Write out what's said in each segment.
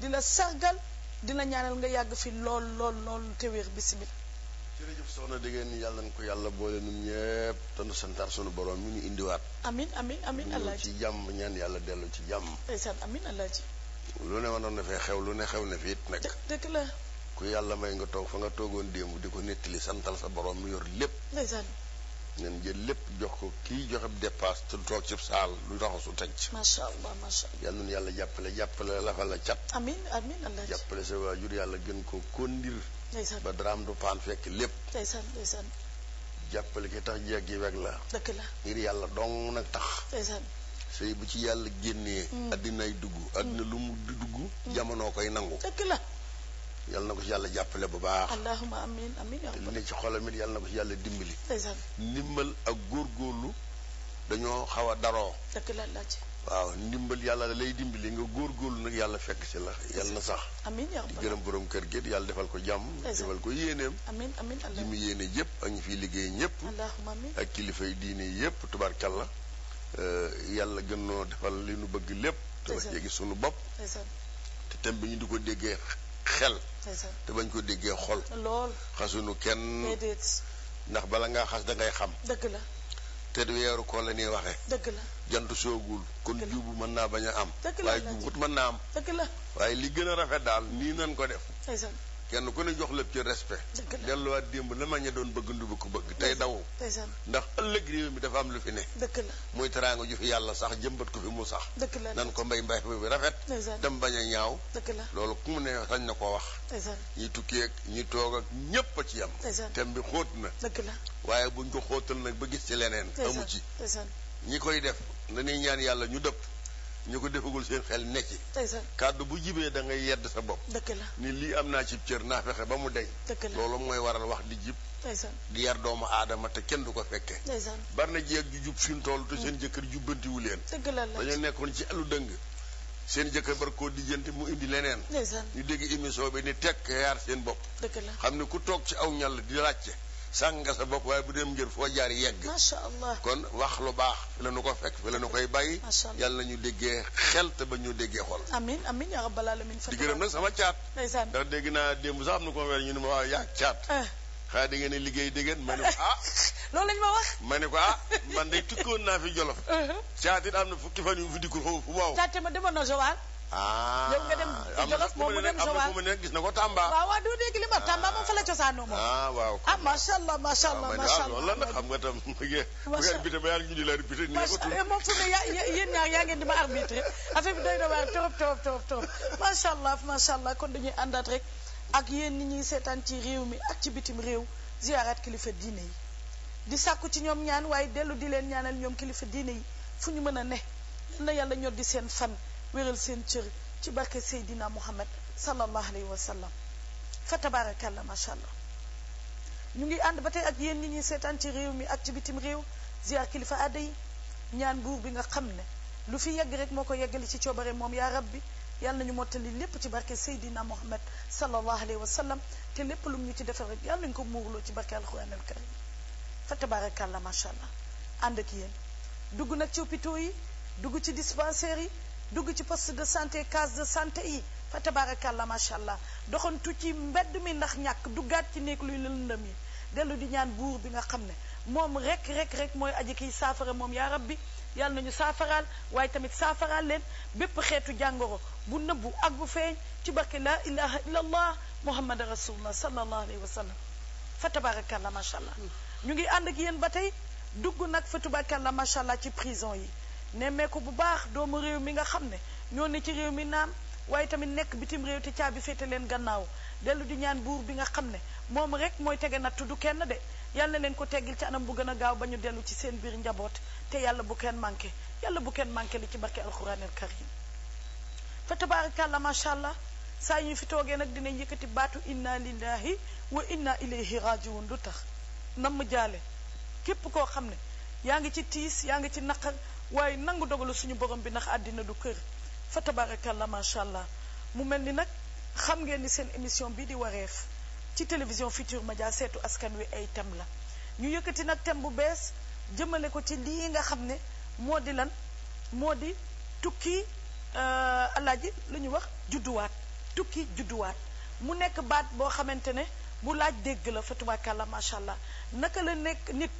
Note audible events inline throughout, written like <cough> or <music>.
dina sargal dina la ñaanal nga yàgg fi lool lool lool te wér bisimilah. jërëjëf soxna dégg ngeen ni yàlla na ko yàlla boole ñun ñëpp te nu santaar sunu borom mi ñu indiwaat. amin amin amin allah ci jàmm ñaan yàlla dellu ci jàmm. ndeysaan amin allah ji. lu ne waroon na fee xew lu ne xew na fi it nag. dëgg la. ku yàlla may nga toog fa nga toogoon démb di ko netti li santal sa borom mu yor lépp. ngeen jël lépp jox ko kii joxe dépasse te toog ci saal lu raxasu teg ci. macha allah macha allah. yal yàlla jàppale jàppale la fa la cat. jàppale sa waajur yàlla gën ko kondir. ndeysaan ba daraam du paan fekk lépp. ndeysaan ndeysaan. jàppale ki tax jeeg gi la. dëgg ngir yàlla dong nag tax. ndeysaan. sëy bu ci yàlla génnee. Mm. addinaay dugg addina lu mu dugg. Mm. jamonoo koy nangu. yal na ko ci yàlla jàppale bu baax. allahumma amiin amiin yaa rabbal li ne ci xolam it yal na ko ci yàlla dimbali. ndimbal ak góorgóorlu dañoo xaw a daroo. dëgg la waaw ndimbal yàlla lay dimbali nga góor góorgóorlu nag yàlla fekk si la yàlla na sax. amiin yaa gërëm borom kër gi yàlla defal ko jàmm. defal ko yéeneem. amiin amiin allah mu yéene yëpp ak ñi fiy liggéey ñëpp. allahumma amiin ak kilifay diine yëpp tubaarkalla eh, yàlla gën noo defal li nu bëgg lépp. te wax jéggi sunu bopp. te thème bi ñu di ko déggee xel te bañ ko déggee xol. lool xasuñu kenn. ndax bala ngaa xas da ngay xam. dëgg la. te weeru ko la ñuy waxee. dëgg la jant soogul. kon juubu mën naa bañ a am. waaye juubut mën naa am. dëgg la waaye li gën a rafet daal nii nan ko def. kenn ku ne jox lépp ci respect delluwaat démb la ma ña doon bëgg ndubu ko bëgg tey daw ndax ëllëg réew mi dafa am lu fi ne dëgg la muy teraanga ju fi yàlla sax jëmbat ko fi mu sax dëgg la nan ko mbay mbay bi rafet dem bañ a ñaaw dëgg la loolu ku mu ne rañ na koo wax ñi tukki ak ñi toog ak ñépp a ci yam tem bi xóot na dëgg la waaye buñ ko xóotal nag ba gis ci leneen amu ci ñi koy def dañuy ñaan yàlla ñu dëpp ñu ko defagul seen xel ne ci kàddu bu jibee dangay ngay yedd sa bopp dëgg la ni lii am naa ci cër naa fexe ba mu deñ loolu mooy waral wax di jib di yar doomu aadama te kenn du ko fekke bari na jeeg ju jub suñ tool te seen mm. jëkkër jubbantiwu leen dañoo nekkoon ci àllu dëng seen jëkkër bar koo dijjante mu indi leneen ñu dégg émission bi ni tekk yaar seen bopp xam ne ku toog ci aw ñàll di laajte sàng nga sa bopp waaye bu dem ngir foo jaar yegg macha allah kon wax lu baax fi la nu ko fekk fi la nu koy bàyyi yàlla nañu déggee xel te ba ñu déggee xol amin amin yaa rabbal alamin di gërëm nag sama caat ndeysaan ndax dégg naa démb sax am na ko weer ñu ne ma waaw yaa caat eh. xaa da ngeen liggéey dégg ma ne ko eh. ah <laughs> loolu lañ ma wax ma ne ko ah man de tukkoon naa fi jolof <laughs> uh-huh. caat it am na fukki fan yu fi dikkul xaw fu waaw caat ma demoon na Joal ah yow nga dem Jolof moom mu dem Joal am na gis na ko Tamba. waaw waaw doo li ma Tamba ah. moom fa la cosaanoo moom. ah waaw ah macha allah macha allah ah, macha allah lan la xam nga tam. macha allah bu ngeen allah eh, fu ma allah kon dañuy àndaat rek ak yéen ñi ñuy seetaan ci réew mi ak ci bitim réew ziaraat kilifa diine yi. di sàkku ci ñoom ñaan waaye dellu di leen ñaanal ñoom kilifa diine yi fu ñu mën a ne na yàlla ñoo di seen fan wéral seen cër ci barke Seydina Muhammad sallallahu alayhi wa sallam fa tabarakallah macha allah ñu ngi ànd ba tey ak yéen nit ñi seetaan ci réew mi ak ci bitim réew ziar kilifa aada ñaan buur bi nga xam ne lu fi yegg rek moo ko yeggali ci coobare moom yaa rabbi yàlla nañu mottali lépp ci barke Seydina Muhammad sallallahu alayhi wa sallam te lépp lu ñu ci defal rek yàlla nañu ko muurloo ci barke alxuraan al karim fa tabarakallah macha allah ànd ak yéen dugg nag ci hôpitaux yi dugg ci dispensaires yi. dugg ci poste de santé case de santé yi fa tabaarakàlla macha allah doxantu ci mbedd mi ndax ñàkk duggaat ci néeg luy lëndëm yi dellu ñaan buur bi nga xam ne moom rek rek rek mooy aji kiy saafara moom yaa rabbi yàlla nañu saafaraal waaye tamit saafaraal leen bépp xeetu jàngoro bu nëbbu ak bu feeñ ci barke laa ilaha illallah muhammad rasulullah sallallahu alayhi wa sallam fa tabaarakàlla macha allah mm. ñu ngi ànd ak yéen ba tey dugg nag fa la macha allah ci prison yi nemmeeku bu baax doomu réew mi nga xam ne ñoo ne ci réew mi naam waaye tamit nekk bitim réew te caabi féete leen gannaaw dellu di ñaan buur bi nga xam ne moom rek mooy tege na tudd kenn de yàlla leen ko teggil ci anam bu gën a gaaw ba ñu dellu ci seen biir njaboot te yàlla bu kenn manqué yàlla bu kenn manqué li ci barke alxuraanil karim fa tabaarakàlla macha allah saa ñu fi toogee nag dinañ yëkkati baatu inna lillahi wa inna ilayhi rajiun lu tax namm jaale képp koo xam ne yaa ngi ci tiis yaa ngi ci naqar waaye nangu dogalu suñu borom bi ndax àddina du kër fa tabarakallah macha allah mu mel ni nag xam ngeen ni seen émission bii di wareef ci télévision Futurs Médias seetu askan wi ay thème la ñu yëkkati nag thème bu bees jëmale ko ci lii nga xam ne moo di lan moo di tukki euh, alaaji lu ñuy wax judduwaat tukki judduwaat mu nekk baat boo xamante ne bu laaj dégg la fa tabarakallah macha allah naka la nekk nit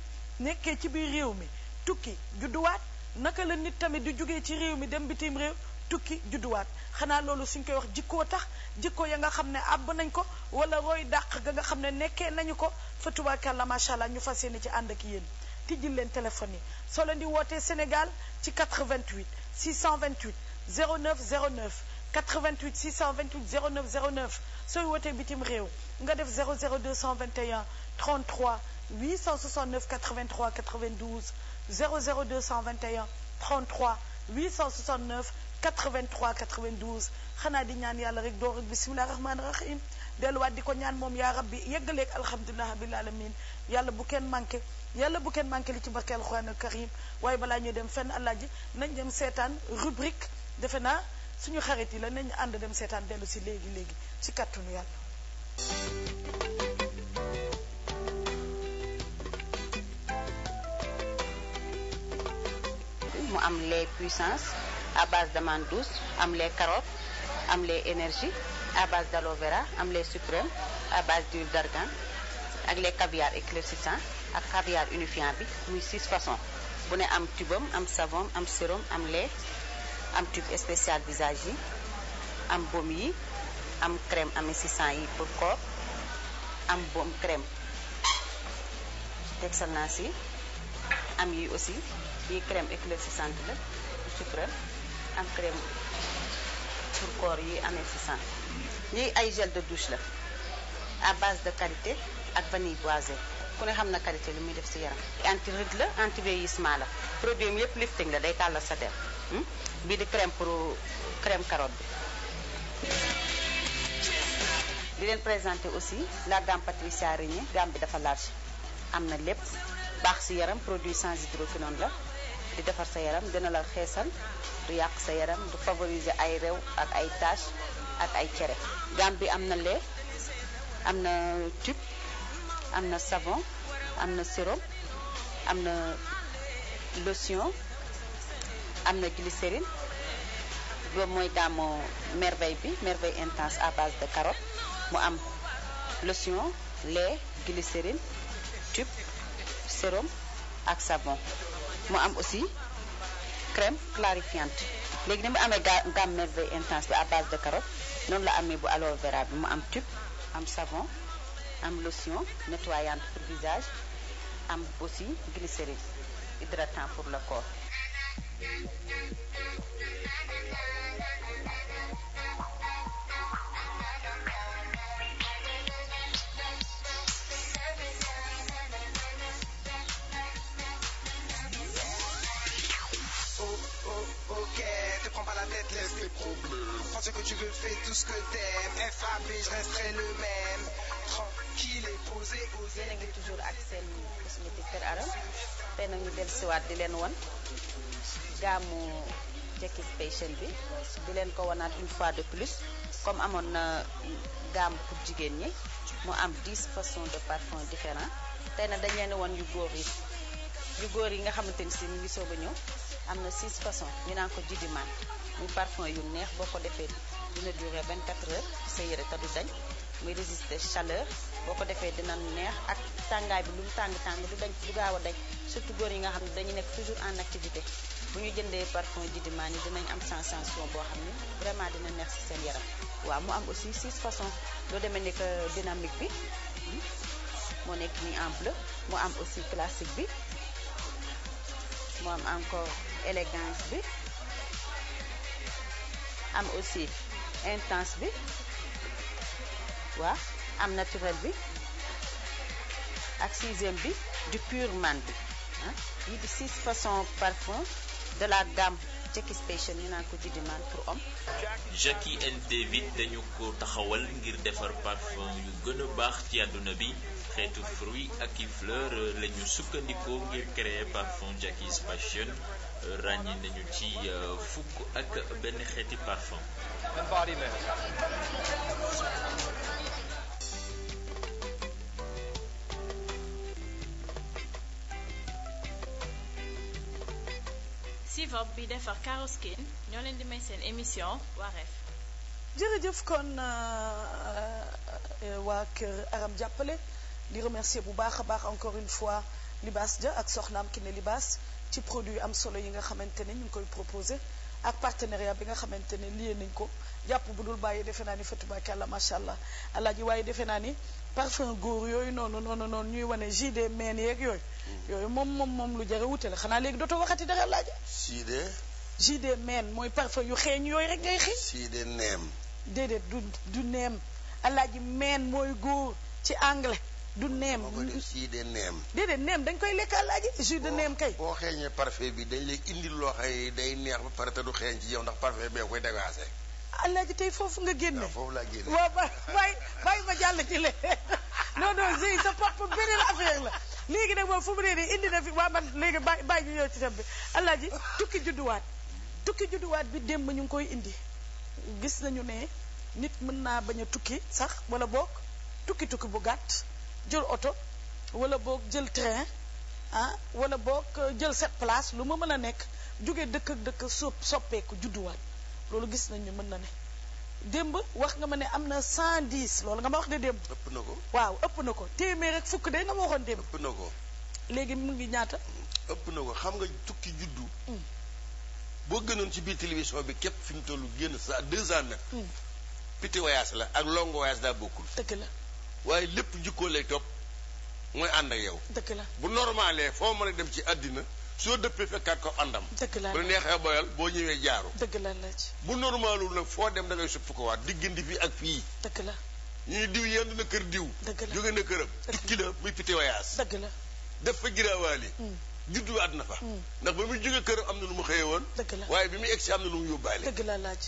nekkee ci biir réew mi tukki judduwaat naka la nit tamit du jógee ci réew mi dem bitim réew tukki judduwaat xanaa loolu suñ koy wax jikkoo tax jikko ya nga xam ne àbb nañ ko wala roy dàq ga nga xam ne nekke nañu ko fa tubaakalla macha allah ñu fas yéene ci ànd ak yéen tijjil leen téléphone yi soo leen di wootee Sénégal ci 88 628 09 09 88 628 09 09 sooy wootee bitim réew nga def 00221 33 869 83 92 00221 33 869 83 92 xanaa di ñaan yàlla rek door ak bisimilah rahmaani rahim delluwaat di ko ñaan moom yaa rabbi yeggaleeg alhamdulilah bil alamin yàlla bu kenn manqué yàlla bu kenn manqué li ci barke alxuraan al karim waaye balaa ñuy dem fenn àllaaji nañ dem seetaan rubrique defe naa suñu xarit yi la nañ ànd dem seetaan dellu si léegi léegi si ci kàttanu yàlla. mu am les puissances à base d'amande douce am les carottes am les énergies à base d'aloe vera am les suprêmes à base d'huile d'argan ak les caviar éclaircissant ak caviar unifian bi muy six façons bu ne am tubam am savon am sérum am lait am tube spécial visage yi am baume yi am crème amincissant yi pour corps am baume crème d'excellence yi am yi aussi bii crème sant la sucré am crème pour corps yi amincissant lii ay gel de douche la à base de qualité ak vanille boisée ku ne xam na karité li muy def ci yaram anti ride la anti vieillissement la produit yëpp lifting la day tàllal sa der hmm? bii di crème pour crème carotte bi di leen présenter aussi la gamme Patricia Régnier gamme bi dafa large am na lépp baax ci yaram produit sans hydroquinone la di defar sa yaram dina la xeesal du yàq sa yaram du favoriser ay réew ak ay tache ak ay cere bi am na lait am na tube am na savon am na sérum am na lotion am na glycérine boobu mooy gàmmu merveille bi merveille intense à base de carotte mu am lotion lait glycérine tube sérum ak savon mu am aussi crème clarifiante léegi ni mu amee gamme merveille intense à base de carotte noonu la amee bu aloe vera bi mu am tube am savon am lotion nettoyante pour visage am aussi glycérine hydratant pour le corps ce que ngi toujours ak seen cosmétique Kër tey nag ñu dellusiwaat di leen won gaamu Jekis Fashion bi di leen ko wanaat une fois de plus comme amoon na gaam pour jigéen ñi mu am 10 façons de parfum différents tey na dañu leen woon yu góor yi yu góor yi nga xamante ni si ñu ngi soog ñëw am na 6 façons ñu naan ko jidimaan muy parfum yu neex boo ko defee dina durer 24 heures sa yére te du dañ muy résister chaleur boo ko defee dina neex ak tàngaay bi lu mu tàng tàng du dañ du gaaw a dañ surtout góor yi nga xam ne dañu nekk toujours en activité bu ñu jëndee parfum Djily Mane dinañ am sensation boo xam ne vraiment dina neex ci seen yaram waaw mu am aussi six façons loo demee ni que dynamique bi hmm, moo nekk ni en mu am aussi classique bi mu am encore élégance bi am aussi intense bi waaw am naturel bi ak sixième bi du pur man bi ah yii di six façons parfum de la gamme Jackie Special ñu naan ko Didi Man pour homme. Jackie and David dañu ko taxawal ngir defar parfum yu gën baax ci àdduna bi xeetu fruit ak i fleur la ñu sukkandikoo ngir créer parfum Jackie Special ràññi nañu ci euh, fukk ak benn xeeti parfum Sivop bi defar Caroskin ñoo leen di may seen émission Wareef jërëjëf kon euh, euh, waa kër Aram jàppale di remercier bu baax a baax encore une fois Libaas Ja ak soxnaam ki ne Libaas ci produit yu am solo yi nga xamante ne ñu ngi koy proposé ak partenariat bi nga xamante ne lié nañ ko jàpp bu dul bàyyi defe naa ni Fatou Bakay la macha allah alaaji waaye defe naa ni parfum góor yooyu noonu noonu noonu ñuy wane g jide meen yeeg yooyu. Mm. yooyu moom moom moom lu jare wute la xanaa léegi dootoo waxati dara laaja. jide. jide meen mooy parfum yu xeeñ yooyu rek ngay xeeñ. jide neem. déedéet du du neem alaaji meen mooy góor ci anglais. du neem. moo ko def de neem. déedéet neem dañ koy lekk alaaji jus de neem kay. boo xeeñee parfait bi dañ lay indi loo xëy day neex ba pare te du xeeñ ci yow ndax parfait bee koy dégagé. alaaji tey foofu nga génne waaw foofu laa génne waaw bàyyi bàyyi ma jàll ci leen <laughs> non non Zey sa papa beneen affaire la léegi nag moom fu mu nee nii indi na fi waa man léegi bàyyi bàyyi ñu ñëw ci tam bi alaaji tukki judduwaat tukki judduwaat bi démb ñu ngi koy indi gis nañu ne nit mën naa bañ a tukki sax wala boog tukki tukki bu gàtt jël oto wala boog jël train ah wala boog euh, jël sept place lu ma mën a nekk jóge dëkk ak dëkk so soppeeku judduwaat loolu gis nañu mën na ne démb wax nga ma ne am na 110 loolu nga ma wax de démb. ëpp na ko waaw ëpp na ko téeméer rek fukk de nga ma waxoon démb. ëpp na ko léegi mu ngi ñaata. ëpp na ko xam nga tukki juddu. Mm. boo gënoon ci biir télévision bi képp fi mu toll génn sa deux ans nag. Mm. petit voyage la ak long voyage daa bokkul. dëgg la. waaye lépp jukkoo lay topp mooy ànd ak yow. dëgg la bu normalee foo mën a dem ci àddina soo dëppee fekkaat ko àndam. dëgg la bu neexee boyal boo ñëwee jaaru. dëgg la la ci. bu normalul nag foo dem da ngay suppi ko waat diggante fii ak fii. dëgg la ñuy diw yendu na kër diw. dëgg jóge na këram. tukki la muy piti dëgg la def fa giraawaali. Mm. judduwaat na fa. Mm. ndax ba muy jóge këram am na lu ma xëyee woon. dëgg la waaye bi muy egsi am na lu mu yóbbaale. dëgg la laaj.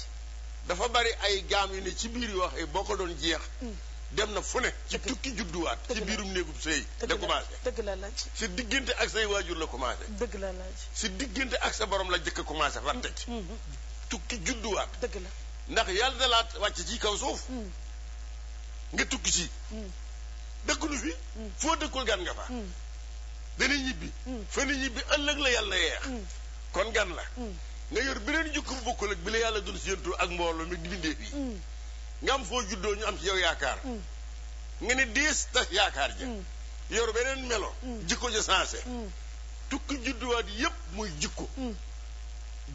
dafa bari ay gaam yu ne ci biir yoo xam boo ko doon jeex. Mm. dem na fu ne ci tukki judduwaat ci biirum néegub sëy la commencé dëgg la laaj sa diggante ak say waajur la commencé dëgg la laaj sa diggante ak sa boroom la jëkk a commencé far tëj mm-hmm. tukki judduwaat dëgg la ndax yàlla da laa wàcc ci kaw suuf mm. nga tukki si mm. dëkkunu fi mm. foo dëkkul gan nga fa dana ñibbi fa na ñibbi ëllëg la yàlla yeex kon gan la nga yor beneen jukk bu bokkul ak bi la yàlla doon séentu ak mbooloo mi di fii nga am foo juddoo ñu am ci yow yaakaar mm. nga ne diis tas yaakaar ja mm. yor beneen melo mm. jikko ja sensé tukki judduwaat yépp muy jikko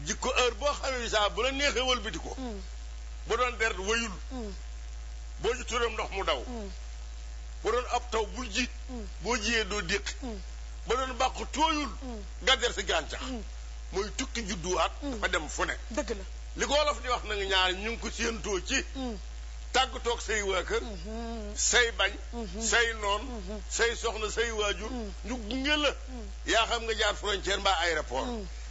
jikko heure boo xamee bi bu la neexee wëlbati ko bu doon deret wayul boo ji turam ndox mu daw bu doon ab taw bu ji boo jiyee doo déqi ba doon bàqu tooyul gàdder si gàncax mooy tukki judduwaat dafa dem fu ne dëgg la li ko wolof di wax nag ñaar ñu ngi ko séentoo ci tàggatoog say waa kër mhm. say bañ mhm. say noon mhm. say soxna say waajur ñu gunge yaa xam nga jaar frontière mbaa aéroport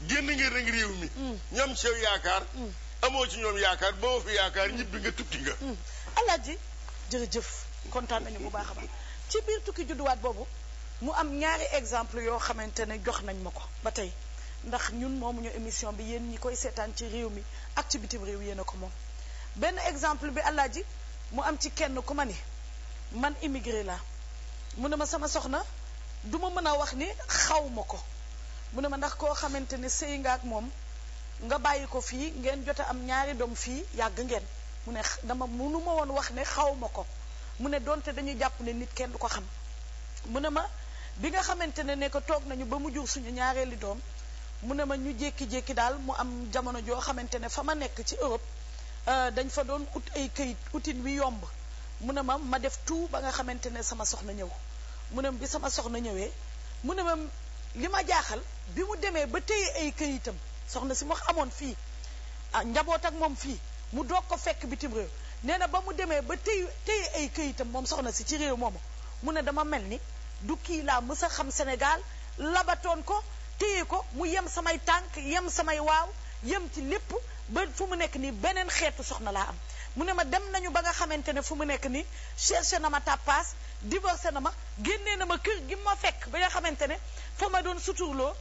génn nga rek réew mi ñoom sew yaakaar amoo ci ñoom yaakaar boo fi yaakaar ñibbi nga tukki nga alaaji jërëjëf kontaan nañu bu baax a ci biir tukki judduwaat boobu mu am ñaari exemple yoo xamante ne jox nañ ma ko ba tey ndax ñun moomuñu émission bi yéen ñi koy seetaan ci réew mi ak ci bitim réew yéen a ko moom benn exemple bi ji mu am ci kenn ku ma ni man immigré laa mu ne ma sama soxna duma mën a wax ni xaw ma ko mu ne ma ndax koo xamante ne sëy nga ak moom nga bàyyi ko fii ngeen jot am ñaari doom fii yàgg ngeen mu ne dama munu ma woon wax ne xaw ma ko mu ne donte dañuy jàpp nit kenn du ko xam mu ne ma bi nga xamante ne nekk toog nañu ba mu jur suñu ñaareeli doom mu ne ma ñu jékki-jékki daal mu am jamono joo xamante ne fa ma nekk ci Europe Euh, dañ fa doon ut ay këyit utin wi yomb mun a ma ma def tout ba nga xamante ne sama soxna ñëw mu ne bi sama soxna ñëwee mu ne ma li ma jaaxal bi mu demee ba téye ay këyitam soxna si ma amoon fii ah njaboot ak moom fii mu doog ko fekk bitim réew nee na ba mu demee ba téye téye ay këyitam moom soxna si ci réew moomu mu ne dama mel ni du kii laa mës a xam Sénégal labatoon ko téye ko mu yem samay tànk yem samay waaw yem ci lépp ba fu mu nekk nii beneen xeetu soxna laa am mu ne ma dem nañu ba nga xamante ne fu mu nekk nii cherché na ma tàppaas divorcé na ma génnee na ma kër gi ma fekk ba nga xamante ne fa ma doon suturloo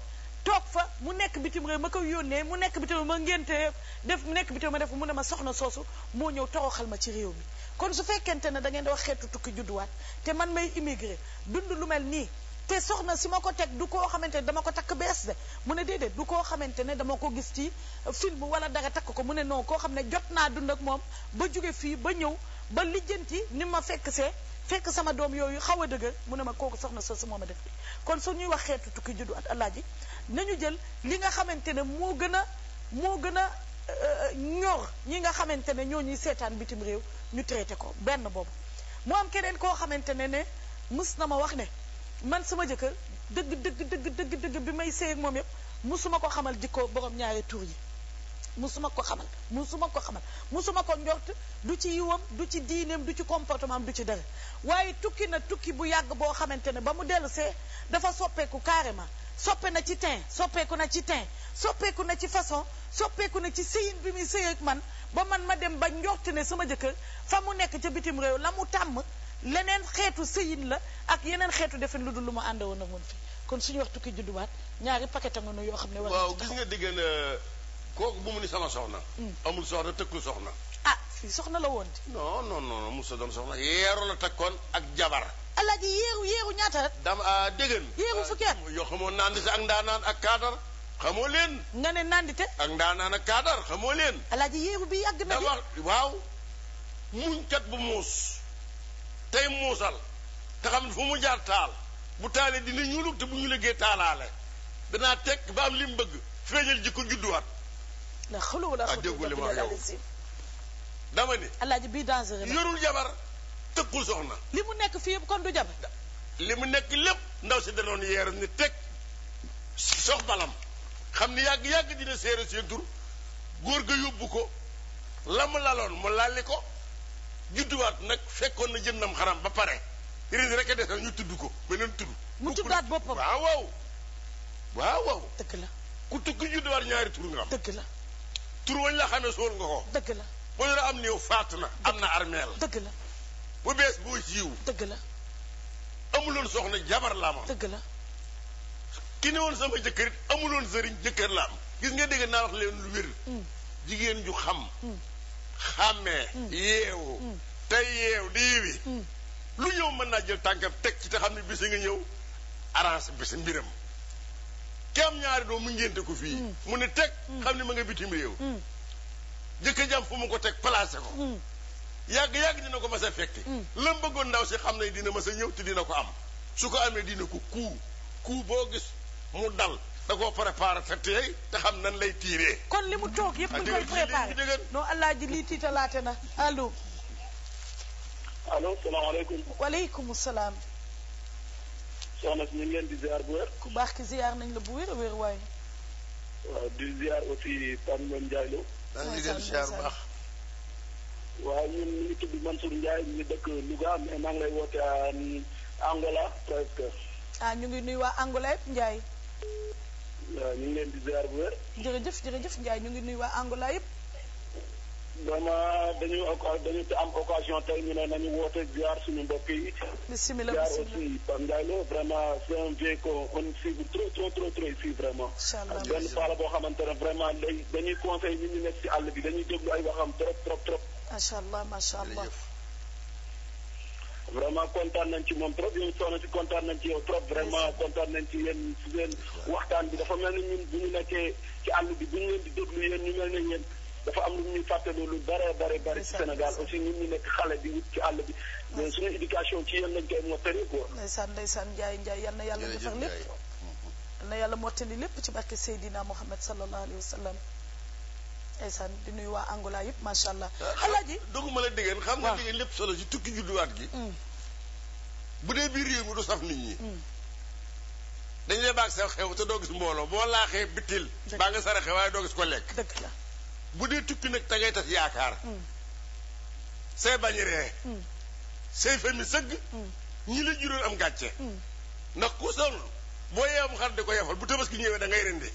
toog fa mu nekk bitim réew ma koy yónnee mu nekk bitim réew ma ngénte def mu nekk bitim ma def mu ne ma soxna soosu moo ñëw toroxal ma ci réew mi kon su fekkente ne da ngeen di wax xeetu tukki judduwaat te man may immigré dund lu mel nii te soxna si ma ko teg du koo xamante ne dama ko takk bees de mu ne déedéet du koo xamante ne dama ko gis ci film wala dara takk ko mu ne non koo xam ne jot naa dund ak moom ba jóge fii ba ñëw ba lijjanti ni ma fekk see fekk sama doom yooyu xaw a dëgër mu ne ma kooku soxna soosu moo ma def kon su ñuy wax xeetu tukki juddu at alaaji nañu jël li nga xamante ne moo gën a moo gën a euh, ñor ñi nga xamante ne ñoo ñuy seetaan bitim réew ñu traité ko benn boobu moo am keneen koo xamante ne ne mës na ma wax ne. man sama jëkkër dëgg dëgg dëgg dëgg bi may sëy ak moom yëpp musuma ko xamal jikko borom ñaari tur yi musuma ko xamal suma ko xamal musuma ko njort du ci yiwam du ci diineem du ci comportement am du ci dara waaye tukki na tukki bu yàgg boo xamante ne ba mu dellu see dafa soppeeku carrément soppe na ci teint soppeeku na ci teint soppeeku na ci façon soppeeku na ci sëyin bi muy sëy ak man ba man ma dem ba njort ne sama jëkkër fa mu nekk ca bitim réew la mu tàmm leneen xeetu sëyin la ak yeneen xeetu defin lu dul lu mu ànd woon ak moom fi kon suñu waxtu ki judduwaat ñaari paquet nga nu yoo xam ne. war waaw gis nga kooku bu mu ni sama soxna. Hmm. amul soxna tëkkul soxna. ah fii soxna la woon di. non non non Moussa doon soxna yeeru ak jabar. alaaji yeeru yeeru ñaata at. dama ah, dégg nga. yeeru ah, fukki at ak ndaanaan ak kaadar. xamoo leen. nga ne ak ndaanaan ak kaadar xamoo leen. alaaji yeeru bi yàgg na. dama waaw muñkat bu muus. tey muusal te xam ne fu mu jaar taal bu taalee dina ñuulug te bu ñu liggéey taalaale danaa teg ba am li mu bëgg feeñal jikko judduwaat ndax xulóo laa déggoo li ma yow dama ni alaaji bii dangereux yorul jabar tëkkul soxna li mu nekk fii kon du jabar li mu nekk lépp ndaw si danoon yeeru ni teg sox balam xam ni yàgg yàgg dina séeréer si tur góor ga yóbbu ko la mu laloon mu lalli ko judduwaat nag fekkoon na jëndam xaram ba pare rindi rek a des ñu tudd ko beneen tudd. mu tuddaat boppam waaw waaw. waaw waaw. dëgg la ku tukki judduwaat ñaari tur nga am. dëgg la tur wañ la xamee sool nga ko. dëgg la boo am néew faatu na am na armeel. dëgg la bu bees boo jiw. dëgg la amuloon soxna jabar la ma. dëgg la ki woon sama jëkkër amuloon sëriñ jëkkër la am gis nga dégg naa wax leen lu wér. Mm. jigéen ju xam. Mm. xàmmee mm. yeewu mm. te yeew di mm. lu ñëw mën naa jël tànkam teg ci te xam ne bisi nga ñëw arrange bisi mbiram kem ñaari doom mu ngénte ko fii mu ne teg xam ne ma nga bitim réew jëkk jam fu mu ko teg placé ko yàgg-yàgg dina ko mas a fekki lam bëggoon ndaw si xam ne dina mas a ñëw te dina ko am su ko amee dina ko kuu kuu boo gis mu dal da koo préparé te teey te xam nan lay tiiree. kon li mu toog yëpp ah, ñu koy préparé non allah ji lii tiitalaate na allo. allo salaamaaleykum. waaleykum salaam. soxna si ñu ngi leen di ziar bu wér. ku baax ki ziar nañ la bu wér a wér waaye. waaw di ziar aussi Pam Ngom Ndiaye Lo. daal di leen ziar baax. waaw ñu ngi tudd Mansour Ndiaye ñu dëkk Louga mais maa ngi lay woote Angola presque. ah ñu ngi nuyu waa Angola yëpp Ndiaye. waaw ñu ngi leen di ziar bu wér. jërëjëf jërëjëf Ndiaye ñu ngi nu waa Angola yëpp. dama dañu dañu am occasion tey ñu ne nañu woote ziar suñu mbokk yi. bisimilah ziar aussi Pape Ndiaye Lo vraiment c'est un kon qu'on suit trop trop trop trop ici vraiment. ma allah benn faala boo xamante ne vraiment dañuy conseil nit ñi nekk ci àll bi dañuy déglu ay waxam trop trop trop. macha allah macha allah. vraiment kontaan nañ ci moom trop yow soxna si kontaan nañ ci yow trop vraiment kontaan nañ ci yéen waxtaan bi dafa mel ni ñun bu ñu nekkee ci àll bi bu ñu leen di déglu yéen ñu mel ne yéen dafa am lu ñuy fàttaloo lu bare bare bare ci Sénégal aussi ñun ñu nekk xale bi ci àll bi mais suñu éducation ci yéen lañ koy mottali quoi ndeysaan ndeysaan Njaay Njaay yal na yàlla defal lépp yal na yàlla mottali lépp ci barke Seydina Mouhamed sallallahu alayhi wa sallam ndeysaan di nuyu waa Angola yëpp macha allah. Ah, ah, alaaji doguma la diggéen xam nga diggéen lépp solo ci tukki judduwaat gi. Mm. bu dee biir réew mi du saf nit ñi. Mm. dañ lay baag sa xew te doo gis mbooloo boo laaxee bitil. baa nga saraxe waaye doo gis ko lekk. bu dee tukki nag da ngay tas yaakaar. Mm. say bañiree. say fami sëgg. ñi la juróon am gàcce. ndax ku sol boo yee am xar di ko yafal bu tabaski ñëwee da ngay rendi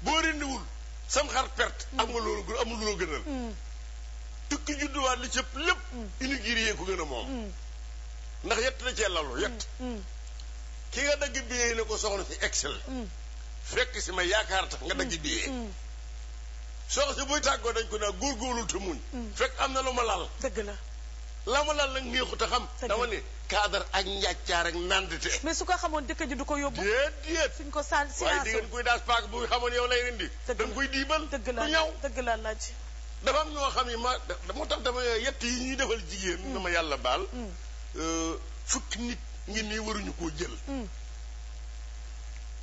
boo rendiwul sam xar perte. am nga loolu gën amul loo gënal. tukki hmm. judduwaat li cëpp lépp. Hmm. inauguré ko gën a moom. Hmm. ndax yett na cee lalu yett. ki nga dagg billet ne ko soxna si excel. fekk si may yaakaar tax nga dagg billet. soxna si buy tàggoo dañ ko naan góorgóorlu te muñ. fekk am na lu ma laal. dëgg la la ma laal nag neexut a xam. dama ne. cadre ak njàccaar ak nandite. mais su ko xamoon dëkk ji du ko yóbbu. déedéet suñ ko saan si waaye di ngeen kuy daas paak bu xamoon yow lay rindi. dëgg la da koy diibal dëgg la ñaw dëgg la laaj. dafa ñoo xam ne ma moo tax dama yett yi ñuy defal jigéen. Mm. dama yàlla baal. Mm. Euh, fukki nit ngi nii waruñu koo jël. Mm.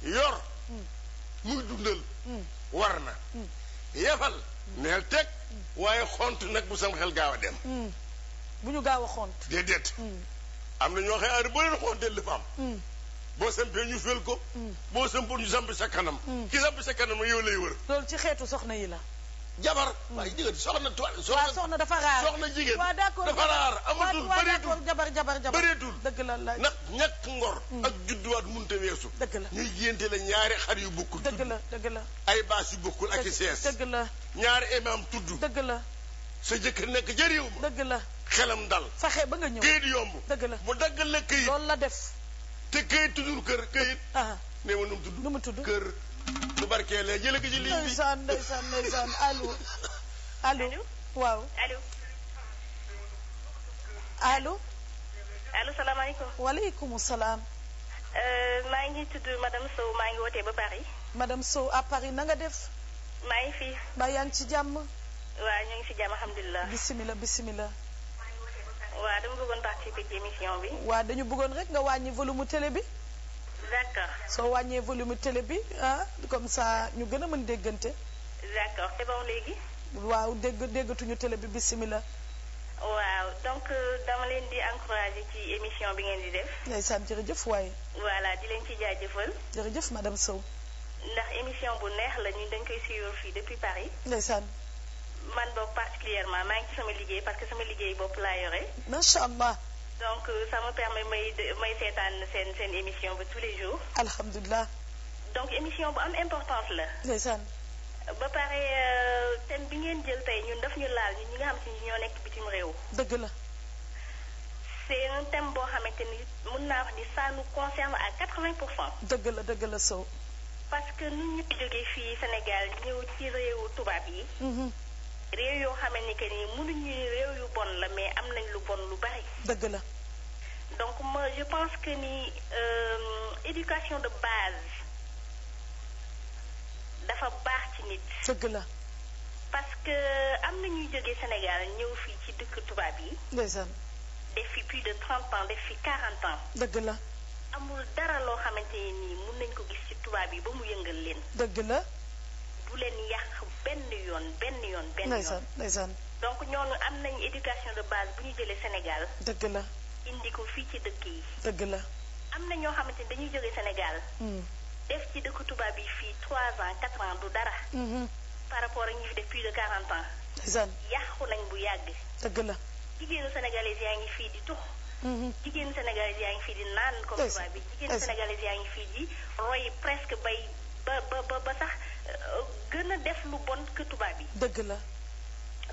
yor. muy dundal. war na. yefal. neel teg waaye xont nag bu sam xel gaaw a dem. bu ñu gaaw a xont. déedéet. am na ñoo xam ne heure boo leen xool dellu fa am. Hmm. boo sampee ñu fël ko. Hmm. boo sampoo ñu samp sa kanam. Hmm. ki samp sa kanam yow lay wër. loolu ci xeetu soxna yi la. jabar waaye jigéen soxna tuwa soxna dafa raar soxna jigéen dafa raar amatul bëreetul jabar jabar jabar bëreetul dëgg la la ndax ñàkk ngor ak judduwaat munta weesu dëgg la ñuy génte la ñaari xar yu bokkul dëgg la dëgg la ay baas yu bokkul ak i sees dëgg la ñaari imaam tudd dëgg la sa jëkkër nekk jëriw ma dëgg la xelam dal. fexe ba nga ñëw këyit yomb. dëgg la bu daggalee këyit. loolu la def. te këyit toujours kër këyit. Ah. nee ma nu mu tudd nu mu tudd kër. lu barkeelee jëlee ko ci ligne bi ndeysaan ndeysaan ndeysaan allo. allo waaw allo. allo. allo salaamaaleykum. waaleykum salaam. Euh, maa ngi tudd madame Sow maa ngi wootee ba Paris. madame Sow à Paris na nga def. maa ngi fi. mbaa yaa ngi ci jàmm. waaw ñu ngi ci jàmm alhamdulilah. bisimilah bisimilah. waa dama bëggoon participer ci émission bi. waa dañu bëggoon rek nga wàññi volume télé bi. d'accord soo wàññee volume télé bi ah comme ça ñu gën a mën déggante. d'accord c'est bon léegi. waaw dégg déggatuñu télé bi bisimilah. waaw donc euh, dama leen di encourager ci émission bi ngeen di def. ndeysaan jërëjëf waaye. voilà di leen ci jaajëfal. jërëjëf madame Sow. ndax émission bu neex la ñun dañ koy suivre fii depuis Paris. ndeysaan. man boog particulièrement maa ngi sama liggéey parce que sama liggéey bopp laa yore. macha allah. donc euh, ça me permet may may seetaan seen seen émission ba tous les jours. alhamdulilah. donc émission bu am importance la. ndeysaan. ba pare euh, thème bi ngeen jël tey ñun daf ñu laal ñu ñi nga xam si ñoo nekk bitim réew. dëgg la. c'est un thème boo xamante ni mën naa wax ni ça nous concerne à 80 pour cent. dëgg la dëgg la Sow. parce que ñun ñu jógee fii Sénégal ñëw ci réewu tubaab yi. Mm-hmm. xamee ni que ni mënuñu réew yu bon la mais am nañ lu bon lu bari. dëgg la. donc ma je pense que ni euh, éducation de base dafa baax ci nit. dëgg la. parce que am na ñuy jógee Sénégal ñëw fii ci dëkk tubaab yi. ndeysaan. def fi plus de 30 ans def fi 40 ans. dëgg la. amul dara loo xamante ni mun nañ ko gis ci tubaab yi ba mu yëngal leen. dëgg la. bu leen yàq benn yoon benn yoon. benn yoon ndeysaan donc ñooñu am nañ éducation de base bu ñu jëlee Sénégal. dëgg la indi ko fii ci dëkk yi. dëgg la am na ñoo xamante ni dañuy jógee Sénégal. Hmm. def ci dëkk tubaab yi fii 3 ans 4 ans du dara. Hmm. par rapport ak ñi fi def plus de 40 ans. ndeysaan yàqu nañ bu yàgg. dëgg la jigéenu sénégalais yaa ngi fii di tux. Hmm. jigéenu sénégalais yaa ngi fii di naan. comme tubaab bi jigéenu sénégalais yaa ngi fii di roy presque bay. ba ba ba sax euh, gën a def lu bon que tubaab yi. dëgg la.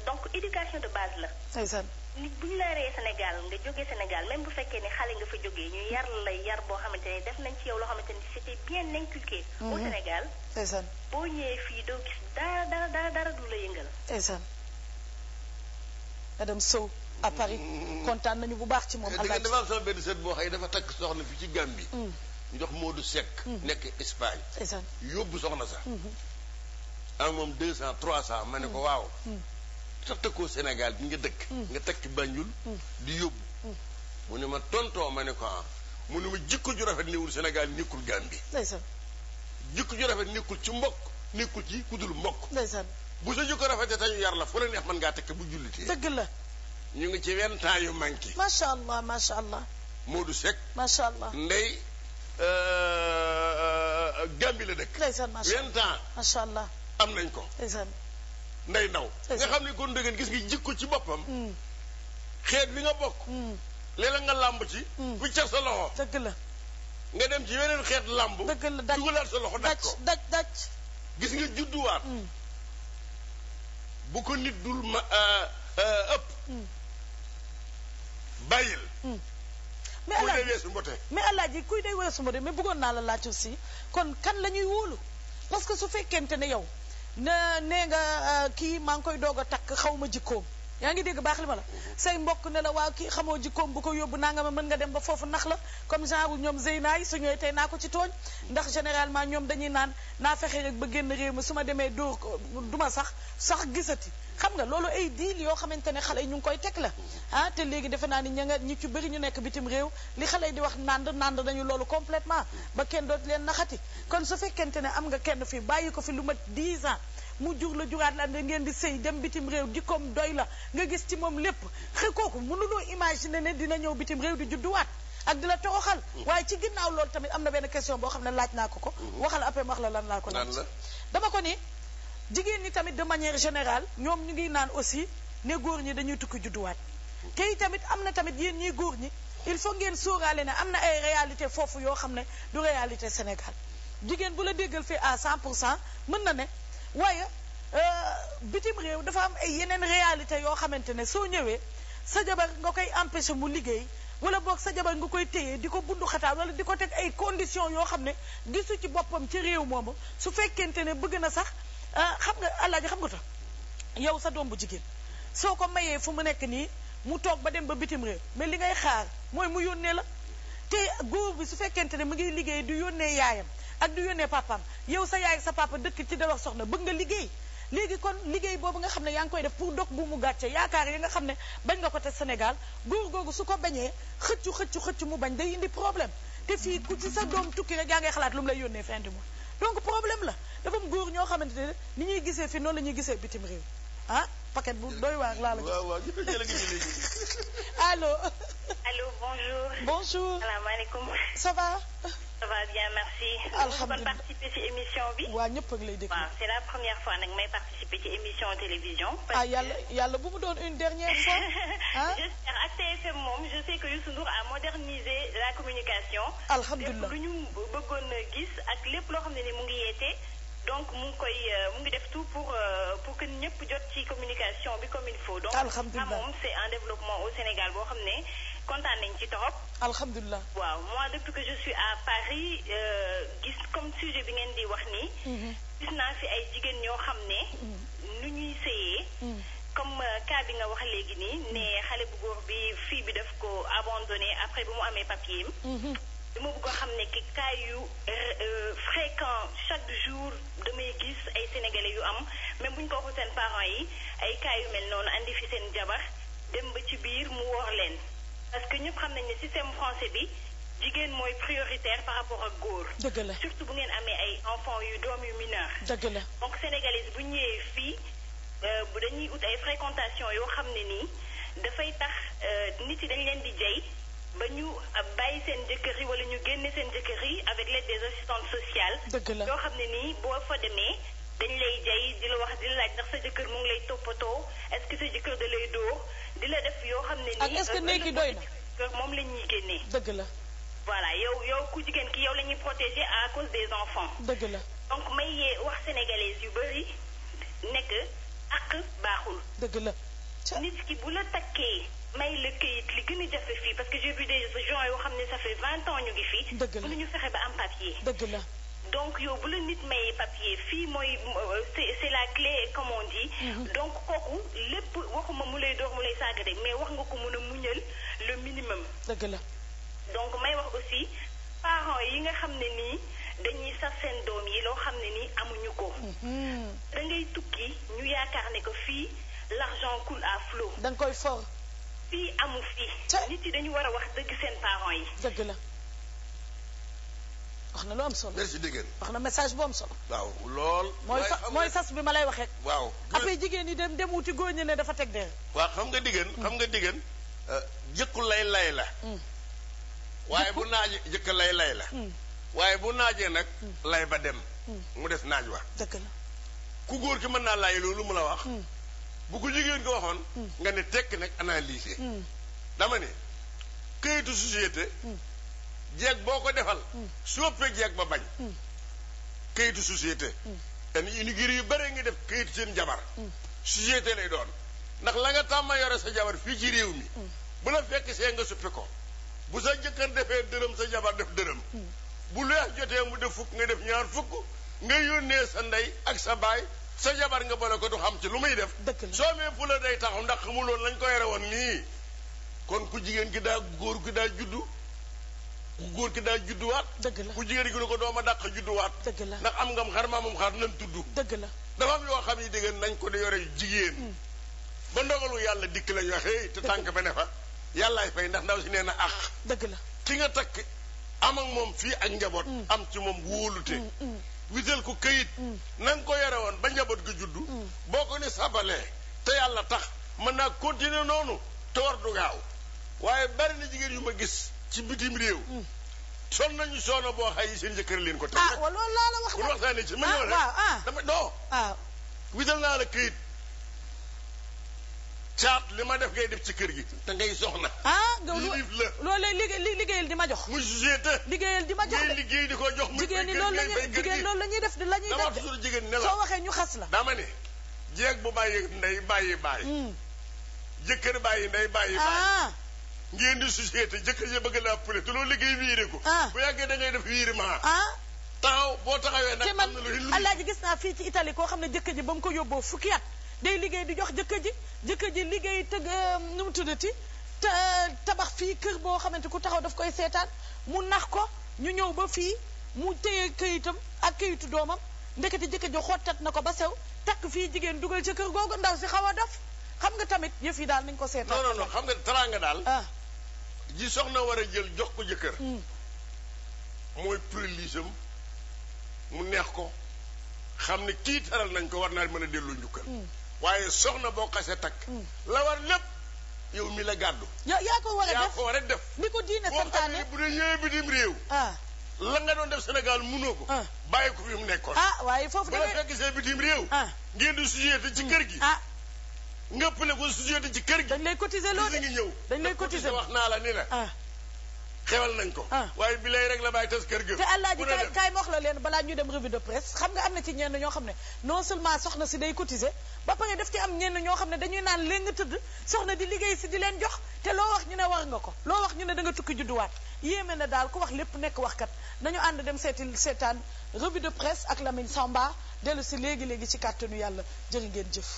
donc éducation de base la. ndeysaan. nit bu ñu la yaree Sénégal nga jógee Sénégal même bu fekkee ne xale nga fa jógee ñu yar la yar boo xamante ne def nañ ci yow loo xamante ni c'était bien inculqué. Mhm. au Sénégal. ndeysaan. boo ñëwee fii doo gis dara dara dara dara du la yëngal. ndeysaan. madame Sow à Paris kontaan nañu bu baax ci moom. alaaj dafa am sama benn sët boo xëy dafa takk soxna fi ci Gambie. Mm. jox Modou Seck. Hmm. nekk Espagne. yóbbu soxna sax. Hmm. am moom deux cent trois cent ma ne ko hmm. waaw. tax tëkkoo Sénégal bi nga dëkk. nga takk Banjul. di yóbbu. mu ne ma tontoo ma ne ko ah mu ne ma jikko ju rafet newul Sénégal nekkul Gambie. jikko ju rafet nekkul ci mbokk nekkul ci kudul mbokk. bu sa jikko rafetee te ñu yar la fu la neex mën ngaa takk bu jullitee. dëgg la. ñu ngi ci wenn temps yu manqué. macha allah macha allah. Modou Seck. macha allah ndey. %e Gambie la dëkk. ndeysaan macha allah macha allah am nañ ko. ndeysaan. Ndaw. nga xam ne kon dëgg gis nga jikko ci boppam. Hmm. xeet bi nga bokk. Hmm. léeg nga làmb ci. bu hmm. ca sa loxo. dëgg la. nga dem ci weneen xeet làmb. dëgg la daj dugalaat sa loxo daj ko daj daj gis nga judduwaat. bu ko nit dul ma euh, ëpp. bàyyil. mais alaaji mu weesu mbote mais alaaji kuy day weesu mbote mais bëggoon naa la laaj aussi kon kan la ñuy wóolu parce que su fekkente ne yow ne nee nga euh, kii maa ngi koy doog a takk xaw ma jikkoom yaa ngi dégg baax li ma la mhm. say mbokk ne la waaw kii xamoo jikkoom bu ko yóbbu naa nga ma mën nga dem ba foofu nax la comme genre ñoom Zeyna yi su ñooy tey naa ko ci tooñ ndax généralement ñoom dañuy naan naa fexe rek ba génn réew mi su ma demee du duma sax sax gisati xam nga loolu ay diil yoo xamante ne xale yi ñu ngi koy teg la mm-hmm. ah te léegi defe naa ni ña nga ñi ci bëri ñu nekk bitim réew li xale yi di wax nànd nànd nañu loolu complètement ba kenn doot leen naxati kon su fekkente ne am nga kenn fii bàyyi ko fi lu mat 10 an mu jur la juraat la da ngeen di sëy dem bitim réew koom doy la nga gis ci moom lépp xëy kooku mënuloo imaginer ne dina ñëw bitim réew di judduwaat ak dina la toroxal mm-hmm. waaye ci ginnaaw lool tamit am na benn question boo xam ne laaj naa ko ko mm-hmm. waxal après wax la lan laa ko laaj dama ko ni jigéen ñi tamit de manière générale ñoom ñu ngi naan aussi ne góor ñi dañuy tukki judduwaat kay tamit am na tamit yéen ñii góor ñi il faut ngeen sóoraale ne am na ay réalité foofu yoo xam ne du réalité Sénégal jigéen bu la déggal fi à 100 pour cent mën na ne waaye euh, bitim réew dafa am ay yeneen réalité yoo xamante ne soo ñëwee sa jabar nga koy empêcher mu liggéey wala boog sa jabar nga koy téye di ko bundu xataal wala di ko teg ay conditions yoo xam ne gisu ci boppam ci réew moomu su fekkente ne bëgg na sax Ah, xam nga alaaji xam nga tax yow sa doom bu jigéen soo ko mayee fu mu nekk nii mu toog ba dem ba bitim réew mais li ngay xaar mooy mu yónnee la te góor bi su fekkente ne mu ngi liggéey du yónnee yaayam ak du yónnee papaam yow sa yaay sa papa dëkk ci da wax soxna bëgg nga liggéey léegi kon liggéey boobu nga xam ne yaa ngi koy def pour dog bu mu gàcce yaakaar yi nga xam ne bañ nga ko te Sénégal góor googu su ko bañee xëccu xëccu xëccu mu bañ day indi problème te fii ku ci tukki rek yaa xalaat lu mu yónnee fin du donc problème la dafa am góor ñoo xamante ne ni ñuy gisee fi noonu la ñuy gisee bitim réew ah paquet bu doy waar laa la jox. waaw waaw ñu ngi léegi. allo. allo bonjour. bonjour. salaamaaleykum. ça va. ça va bien merci. alhamdulilah participer émission bi. waaw ñëpp a c'est la première fois nag may participer ci émission télévision. Ah, parce que ah yàlla yàlla bu mu doon une dernière fois. <laughs> ah j'espère ak TFM moom je sais que Youssou Ndour a modernisé la communication. alhamdulilah lépp lu ñu bëggoon gis ak lépp loo xam ne ni mu ngi yeete. donc mu ngi koy euh, mu ngi def tout pour euh, pour que ñëpp jot ci communication bi comme il faut. donc alhamdulilah moom c'est un développement au Sénégal boo xam ne kontaan nañ ci torop. alhamdulilah waaw moi depuis que je suis à Paris euh, gis comme sujet bi ngeen di wax ni mhm. gis naa si ay jigéen ñoo xam ne. Mhm. nu ñuy sëyee. Mhm. comme cas bi nga wax léegi nii ne xale bu góor bi fii bi def ko abandonné après bi mu amee papier am. li dama bëgg a xam ne ki kaay yu euh, fréquent chaque jour damay gis ay sénégalais yu am même buñ ñu ko waxul seen parents yi ay cas yu mel noonu andi fi seen jabar dem ba ci biir mu woor leen parce que ñëpp xam nañ ne système français bi jigéen mooy prioritaire par rapport ak góor. dëgg la surtout bu ngeen amee ay enfants yu doom yu mineur. dëgg la donc sénégalais bu ñëwee fii euh, bu dañuy ut ay fréquentation yoo xam ne nii dafay tax euh, nit yi dañ leen di jey. ba ñu bàyyi seen jëkkër yi wala ñu génne seen jëkkër yi avec l'aide des assistantes sociales. dëgg la yoo xam ne nii boo fa demee dañ lay jay di la wax di la laaj ndax sa jëkkër moom lay toppatoo est-ce sa jëkkër da lay dóor di la def yoo xam ne nii. ak est-ce euh, doy moom la ñuy génnee. dëgg la. voilà yow yow ku jigéen ki yow la ñuy protéger à cause des enfants. dëgg la donc may yee wax sénégalaises yu bëri nekk ak baaxul. dëgg la. nit ki bu la takkee. may la këyit li gën a jafe fii parce que j'ai vu des gens yoo xam ne ça fait vingt ans ñu ngi fii. dëgg la mënuñu fexe am papier. dëgg la. donc yow bu la nit may papier fii mooy c'est la clé comme on dit. Mhm. donc kooku lépp waxuma mu lay door mu lay saaga de mais wax nga ko mën a muñal le minimum. dëgg la donc may wax aussi parents yi nga xam ne nii dañuy saf seen doom yi loo xam ne nii amuñu ko. Mhm. da ngay tukki ñu yaakaar ne que fii l'argent coule à flot. da koy for. fii amu fii. nit yi dañu war a wax dëgg seen parents yi. dëgg la. wax na lu am solo merci dégg wax na message boo am solo. waaw lool. mooy sa mooy sas bi ma lay waxee. waaw jigéen ñi dem dem wuti góoñu ne dafa teg de. waaw xam nga diggéen xam nga diggéen euh, jëkku lay lay la. Mm. waaye bu naaje jëkk lay lay la. Mm. waaye bu naajee nag. Mm. lay ba dem. mu des naaj wa. dëgg la ku góor ki mën naa laay loolu mu la wax. bu ko jigéen gi waxoon hmm. nga ne tekk nag analyser hmm. dama ne këyitu société hmm. jeeg boo ko defal soppee jeeg ba bañ këyitu société ten unigir yu bare ngi def këyitu seen jabar société lay doon ndax la nga tàmma yore sa jabar fii ci réew mi bu la fekk see nga suppi ko bu sa jëkkër defee dërëm sa jabar def dërëm bu leex jotee mu def fukk nga def ñaar fukk nga yónnee sa ndey ak sa baay sa jabar nga bone ko du xam ci lu muy def. soo mee fula day taxaw ndax xamul woon lañ ko yore woon nii. kon ku jigéen ki daa góor ki daa juddu ku góor ki daa judduwaat. dëgg la ku jigéen ki ne ko dooma dàq judduwaat. dëgg la ndax am ngam xar maamam xar nan tudd. dëgg la dafa am yoo xam yi dégg nañ ko di yore jigéen. Mm. ba ndogalu yàlla dikk lañ waxee te tànk ba ne fa yàllaay fay ndax ndaw si nee na àq. Ah. dëgg la ki nga takk am ak moom fii ak njaboot. Mm. am ci moom wóolute. Mm, wital ko këyit mm. na nga ko yore woon ba njaboot ga juddu mm. boo ko ni sabalee te yàlla tax mën naa continuer noonu te war du gaaw waaye bari na jigéen yu ma gis ci bitim réew mm. son nañu soono boo xay seen jëkkër leen ko teg ah, walla loolu laa la wax bu waxtaanee ci ma ñëw ah, rek ah. dama doo wital naa la këyit caat li ma def ngay def ci kër gi te ngay soxna. ah nga loolu liggéeyal di ma jox. mu jeté. liggéeyal di ma jox de liggéey di ko jox. muy béykat yi loolu la ñuy jigéen loolu la ñuy def la ñuy def de soo waxee ñu xas la. dama ne jeeg bu bàyyi ndey bàyyi bàyyi. Hmm. jëkkër bàyyi ndey bàyyi bàyyi. Ah. ngeen di société jëkkër ji bëgg laa pule te loolu liggéey wiiri ko. Ah. bu yàggee da ngay def wiiri maa. Ah. taxaw boo taxawee nag. am na lu te man alaaji gis naa fii ci Italie koo xam ne jëkkër ji ba mu ko yóbboo fukki at day liggéey di jox jëkkër ji ji liggéey tëgg euh, nu mu tuddati te tabax fii kër boo xamante ku taxaw daf koy seetaan mu nax ko ñu ñëw ba fii mu téye këyitam ak këyitu doomam ndekete jëkkër ji xottat na ko ba sew takk fii jigéen dugal ci kër googu ndaw si xaw a dof xam nga tamit yëf yi daal nañ ko seetaan. non non xam nga teraanga daal. ah ji soxna war a jël jox ko jëkkër. Hmm. mooy privilégiam mu neex ko xam ne kii taral nañ ko war naa mën a delloo njukkal. Hmm. waaye soxna boo xasee takk. Mm. la war lépp yow mi la gàddu. yaa ko war a yaa ko war a def. ni ko diine santaane boo xam ne bu dee ñëwee bitim réew. Ah. la nga doon def Sénégal munoo ko. Ah. bàyyi ko fi mu nekkoon. ah waaye foofu da nga gisee bitim réew. Ah. ngeen di sujeete ci mm. kër gi. ah nga pële ko sujeete ci kër gi. dañ lay cotiser loolu de dañ lay cotiser wax naa la ni la. xewal nañ ko. Ah. waaye bi lay rek la bàyyi tas kër ga. te Alaaji kaay kaay ma la leen balaa ñu dem revue de presse xam nga am na ci ñenn ñoo xam ne non seulement soxna si day cotiser ba pare daf ci am ñenn ñoo xam ne dañuy naan leen nga tëdd soxna di liggéey si di leen jox te loo wax ñu ne war nga ko loo wax ñu ne danga tukki judduwaat yéeme na daal ku wax lépp nekk waxkat nañu ànd dem seeti seetaan revue de presse ak Lamine Samba dellu si léegi léegi ci kàttanu yàlla jërë ngeen jëf.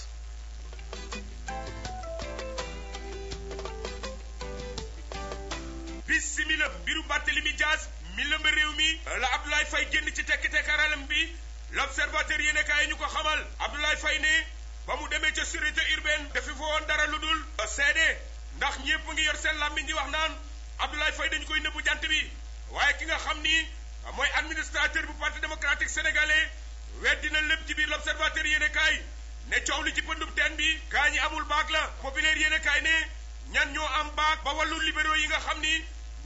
bisimilah mbiru Barthélemy Dias mi lëmb réew mi la Abdoulaye fay jënd ci tekki-tekkaralam bi l'observateur yéen kaay ñu ko xamal Abdoulaye fay ne ba mu demee ca sûreté urbaine dafi fa woon dara lu dul euh, seede ndax ñépp ngi yor seen làmmiñ di wax naan Abdoulaye Faye dañu koy nëbbu jant bi waaye ki nga xam ni mooy administrateur bu parti démocratique sénégalais weddi na lépp ci biir l'observateur yéen kaay ne coow li ci pëndub teen bi gaa ñi amul baag la populaire yéen kaay ne ñan ñoo am ba wàllu libéraux yi nga xam ni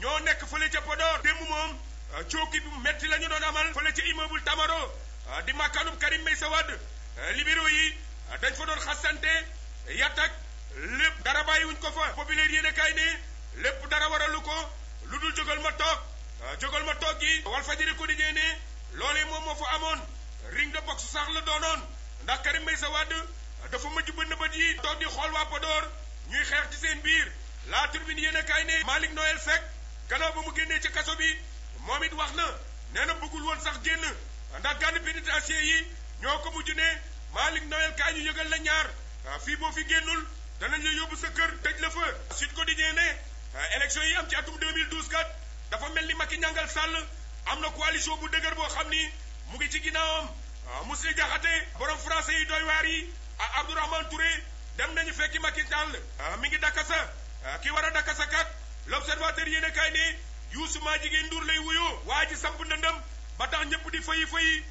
ñoo nekk fële ca Podor démb moom euh, cooki bi métti la ñu doon amal fële ca immeuble Tamaro euh, di makkaanum Karim Meïssa Wade euh, libéraux yi dañ fa doon xasante yattak lépp dara bàyyiwuñ ko fa populaire yéene kaay ne lépp dara waralu ko lu dul jógal ma toog jógal ma toog gi ko quotidien ne loolee moom moo fa amoon ring de boxe sax la doonoon ndax Karim Meïssa Wade dafa mëcc bënn bët yi toog di xool waa Podor ñuy xeex ci seen biir la Tribune yéene gannaaw ba mu génnee ci kaso bi moom it wax na nee na bëggul woon sax génn ndax gànn pénitencier yi ñoo ko mujj ne Malick Noël kaa ñu yëgal la ñaar ah, fii boo fi génnul danañ la yóbbu sa kër tëj la fa Sud Quotidien ne ah, élection yi am ci atum kat dafa mel ni Macky ñàngal Sall am na coalition bu dëgër boo xam ni mu ngi ci ginnaawam ah, Moussa Diakhaté borom français yi doy waar yi Abdourahmane Touré dem nañu fekki Macky Sall mi ngi dakasa ki war a dakasa kat l'observateur yéen a kaay ne Youssou maa jigéen Ndour lay wuyoo waa ji samp ndëndam ba tax ñëpp di fayi fayi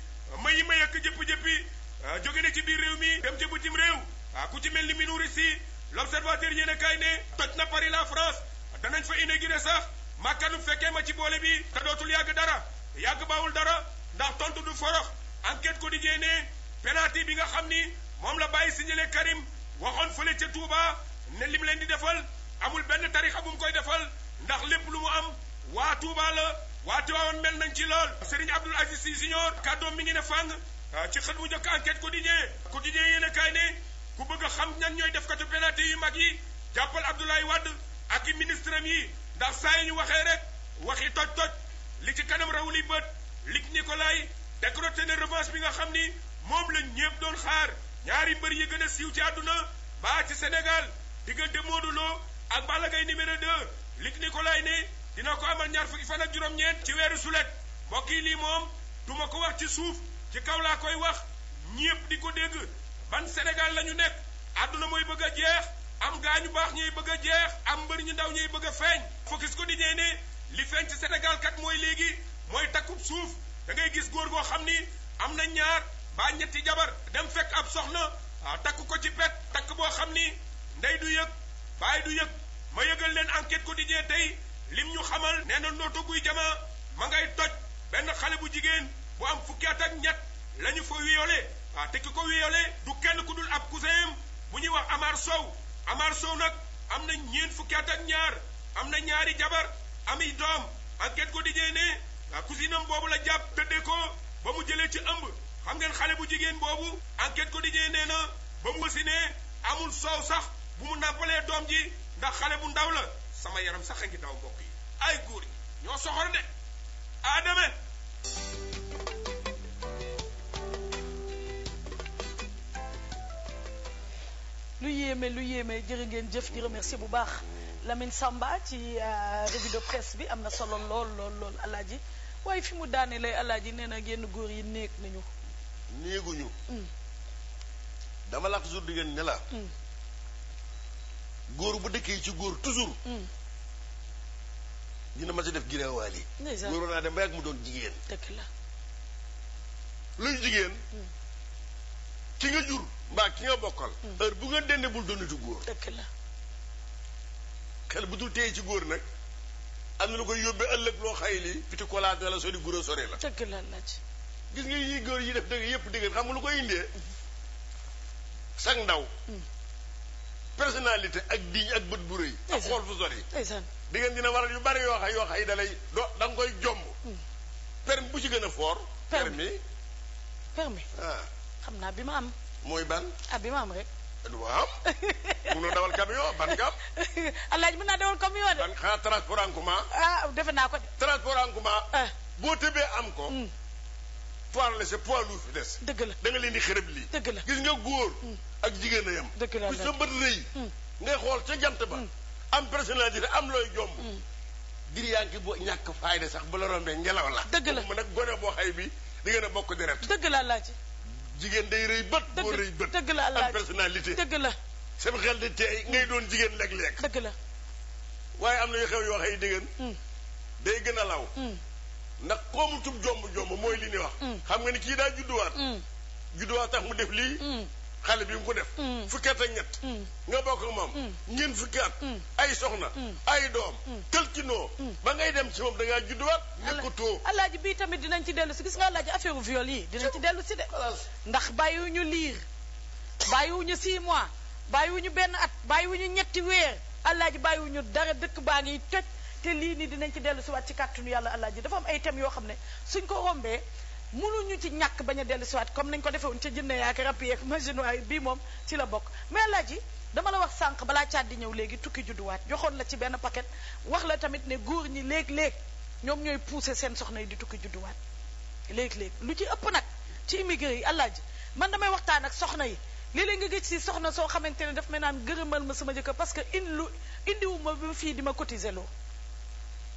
mayi may ak jëpp-jëppi euh, jóge na ci biir réew mi dem ca bitim réew waaw ah, ku ci mel ni Minoury Sy l'observateur yéen a kaay ne toj na la France danañ fa inauguré sax màkkanu fekkee ma ci boole bi te dootul yàgg dara yàgg baawul dara ndax tontu du forox enquête quotidien ne penalty bi nga xam ni moom la bàyyi si signalé Karim waxoon fële ca Touba ne lim leen di defal amul benn tarixa bu mu koy defal ndax lépp lu mu am waa Touba la waa Tivaouane mel nañ ci lool Serigne Abdoul yi Sy Junior kàddoom mi ngi ne fàng ah, ci xët mu njëkk enquête quotidien quotidien yéen a kaay ne ku bëgg a xam ñan ñooy def katu penalty yu mag yi jàppal Abdoulaye Wade ak i ministre am yi ndax saa yi ñu waxee rek waxi toj toj li ci kanam raw li bët Luc Nicolaï décroché na revanche bi nga xam ni moom la ñépp doon xaar ñaari mbër yi gën a siiw ci àdduna baa ci Sénégal diggante Modou Lo ak Balla Gaye numéro 2 ko Nicolaï ne dina ko amal ñaar fukki fan ak juróom-ñeent ci weeru sulet mbokk yi lii moom du ma ko wax ci suuf ci kaw laa koy wax ñépp di ko dégg ban Sénégal la ñu nekk àdduna mooy bëgg a jeex am ñu baax ñuy bëgg a jeex am mbër ñu ndaw ñuy bëgg a feeñ focus ko di nee ne li feeñ ci Sénégal mooy léegi mooy takkub suuf da ngay gis góor goo xam ni am na ñaar ba ñetti jabar dem fekk ab soxna ah, takk ko ci pet takk boo xam ni ndey du yëg baay du yëg ma yëgal leen enquête quotidien tey lim ñu xamal nee na nooto buy jamaa ma ngay toj benn xale bu jigéen bu am fukki at ak ñett la ñu fa wiyole waa ko wiyole du kenn ku dul ab cousin bu ñuy wax Amar Sow Amar Sow nag am na ñeent fukki at ak ñaar am na ñaari jabar ami doom enquête quotidien ne waa cousinam boobu la jàpp tëddee ko ba mu jëlee ci ëmb xam ngeen xale bu jigéen boobu enquête quotidien nee na ba mu wasinee amul soow sax bu mu nàmpalee doom ji ndax xale bu ndaw la sama yaram sax a ngi daw mbokk yi ay góor ñi ñoo soxor de aadame lu yéeme lu yéeme jërë ngeen jëf di remercier bu baax lamin Samba ci euh, revue de presse bi am na solo lool lool lool alaaji waaye fi mu daane lay alaaji nee na yenn góor yi néeg nañu néeguñu mm. dama laax toujours di ngeen góor bu dëkkee ci góor toujours. Mm. dina ma si def giraawaal yi. góor naa dem ba yàgg mu doon jigéen. dëgg la. luy jigéen. Mm. ki nga jur mbaa ki nga bokkal. Mm. heure bu nga dende bul doonati góor. dëgg la. xel bu dul téye ci góor nag am na lu koy yóbbee ëllëg loo xay lii piti kolaat la sori guro sore la. dëgg la laaj. gis nga yi góor yi def dëgg yëpp dëgg xam nga lu koy indee. sag ndaw. personnalité ak diñ ak bët bu rëy ak xool fu sori di ngeen dina waral yu bari yoo xa yoo xa yi dalay do da koy jomb hmm. permis bu ci gën a foor permis permis ah. xam naa bi ma am mooy ban ah bi ma am rek waaw mënoo am <laughs> <laughs> alaaj naa dawal camion de ban xanaa transport en commun ah defe naa ko de transport en commun ah. boo tëbee am ko hmm. poids la sa poids lu fi des. dëgg la da leen di xërëb lii. dëgg la gis nga góor. Mm. ak jigéen a yem. dëgg la ku sa bët rëy. Mm. ngay xool ca jant ba. Mm. am personnalité am looy jomb. dir yaa boo ñàkk fayda sax bu la rombee ngelaw la. dëgg la mu nag gone boo bi di a bokk deret. dëgg la alaaji. jigéen day rëy bët. dëgg boo rëy bët dëgg la alaaji am personnalité. dëgg la sama xel di ngay doon jigéen léeg-léeg. dëgg la waaye am na yu xew day gën a law. ndax koomutub jomb jomb mooy li ni wax mm. xam nga ni kii daa judduwaat mm. judduwaat tax mu def lii mm. xale bi mu ko def fukki at ak ñett nga bokk ak moom ñeent fukki at ay soxna ay doom noo ba ngay dem ci moom da ngaa ko nekkutoo allaaj bii tamit dinañ ci dellu si gis nga alaaji affaire viol yi dinañ ci dellu si de ndax bàyyi bàyyiwuñu liir bàyyiwuñu six mois bàyyiwuñu benn at bàyyiwuñu ñetti weer alaaji bàyyiwuñu dara dëkk baa ngi toj te lii nii dinañ ci dellu siwaat ci kàttanu yàlla allah ji dafa am ay thèmes yoo xam ne suñ ko rombee mënuñu ci ñàkk bañ a dellu siwaat comme nañ ko defee woon ca jënne yaak rab yeeg maginoy bii moom ci la bokk mais allah ji dama la wax sànq balaa caat di ñëw léegi tukki judduwaat joxoon la ci benn paquet wax la tamit ne góor ñi léeg-léeg ñoom ñooy pousser seen soxna yi di tukki judduwaat léeg-léeg lu ci ëpp nag ci immigré yi allah ji man damay waxtaan ak soxna yi léeg nga gis ci soxna soo xamante ne daf may naan gërëmal ma sama jëkkër parce que in lu indiwu ma fii di ma cotiser loo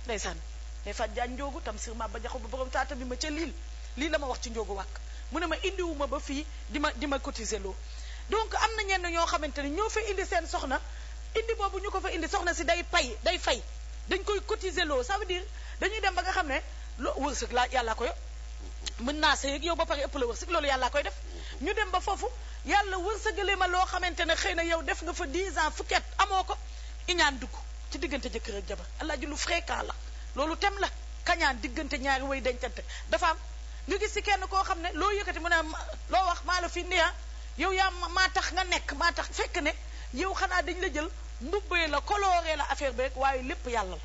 ndeysaan day fat jaan njoogu tam sir ba jaxu ba borom taata bi ma ca liil lii la ma wax ci njoogu wàkk mu ne ma indiwuma ba fii di ma di ma cotiser loo donc am na ñenn ñoo xamante ne ñoo fa indi seen soxna indi boobu ñu ko fa indi soxna si day pay day fay dañ koy cotiser loo ça veut dañuy dem ba nga xam ne loo wërsëg laa yàllaa ko yo mën naa sa yeeg yow ba pare ëpp la wërsëg loolu yàllaa koy def ñu dem ba foofu yàlla wërsëgale ma loo xamante ne xëy na yow def nga fa 10 ans fukki amoo ko iñaan dugg ci diggante jëkkër ak jabar alaaji lu fréquent la loolu tem la kañaan diggante ñaari way dencante dafa am nga gis ci kenn koo xam ne loo yëkkati mu ne loo wax maa la fi ndi ah, yow yaa maa tax nga nekk maa tax fekk ne yow xanaa dañ la jël mbubbee la coloré la affaire bi rek waaye lépp yàlla la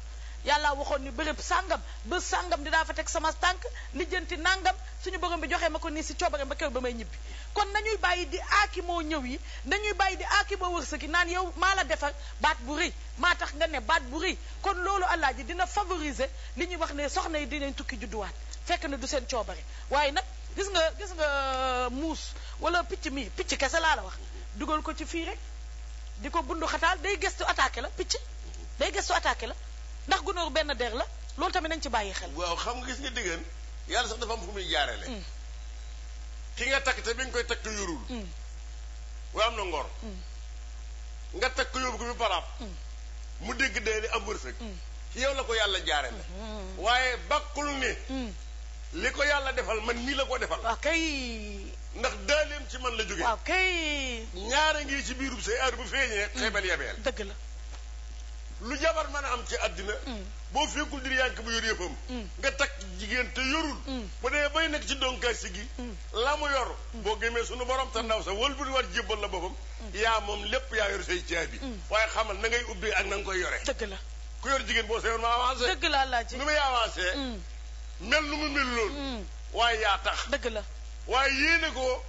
yàlla waxoon ni béréb sàngam ba sàngam daa fa teg sama tànk lijjanti nàngam suñu borom bi joxee ma ko nii si coobare ba kër ba may ñibbi kon nañuy bàyyi di aaki moo ñëw yi nañuy bàyyi di aaki moo wërsëg yi naan yow maa la defar baat bu rëy maa tax nga ne baat bu rëy kon loolu allah ji dina favoriser li ñuy wax ne soxna yi dinañ tukki judduwaat fekk na du seen coobare waaye nag gis nga gis nga euh, muus wala picc mi picc kese laa la wax dugal ko ci fii rek di ko bundu xataal day gëstu attaqué la picc day gëstu attaqué la ndax gunóor benn der la loolu tamit nañ ci bàyyi xel. waaw xam nga gis nga diggante yàlla sax dafa am fu muy jaarale. Hmm. ki nga takk te bi nga koy takk yorul. Mm. waaye am na ngor. Mm. nga takk yóbbu ko bi paraab. Mm. mu dégg dee li am wërsëg. ci yow la ko yàlla jaare la mm-hmm. waaye bàkkul ne. li ko yàlla defal man nii la ko defal. waaw kay. ndax daaleem ci man la jógee. waaw kay. ñaara ngi ci biirub say aar bu feeñee. xeebal yabeel dëgg la. lu jabar man am ci àddina mm. boo fekkul dir yànk bu yor yëppam mm. nga takk jigéen te yorul mm. bu dee bay nekk ci donkaay si gi la mu yor boo gémmee sunu borom te ndaw sa wëlbudi war jébbal la boppam yaa moom lépp yaa yor say caabi waaye xamal na ngay ubbee ak na koy yore dëgg la ku yor jigéen boo sa yor ma avancé dëgg la laaj nu muy avancé mel nu mu mel loolu waaye yaa tax dëgg la waaye yéene ko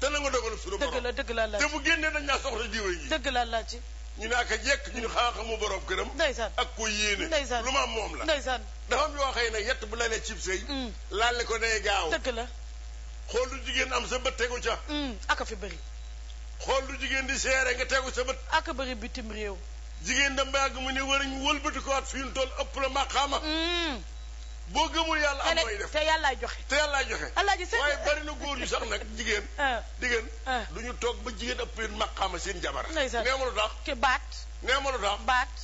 te na nga dogalu suñu borom dëgg la dëgg la laaj te bu génnee dañ naa soxla dëgg la laaj ñu naaka jekk ñu xanaa xamu borom këram. ndeysaan ak ko yéene. ndeysaan lu ma am moom la. saan dafa am yoo xëy na yett bu lalee cib sëy. Mm. laale ko day gaaw. dëgg la. xool lu jigéen am sa bët tegu ca. Mm. aka fi bëri. xool lu jigéen di seere nga tegu sa bët. aka bëri bitim réew. jigéen dem ba yàgg mu ne war a ñu wëlbati ko at fi ñu toll ëpp la maqaama. Mm. boo gëmul yàlla am mooy def te yàllaay joxe te yàllaay joxe waaye bari na góor yu sax nag jigéen <laughs> ah. jigéen ah. du ñu toog ba jigéen ëpp leen maqaama seen jabar nee ma lu tax ki baat nee ma lu tax baat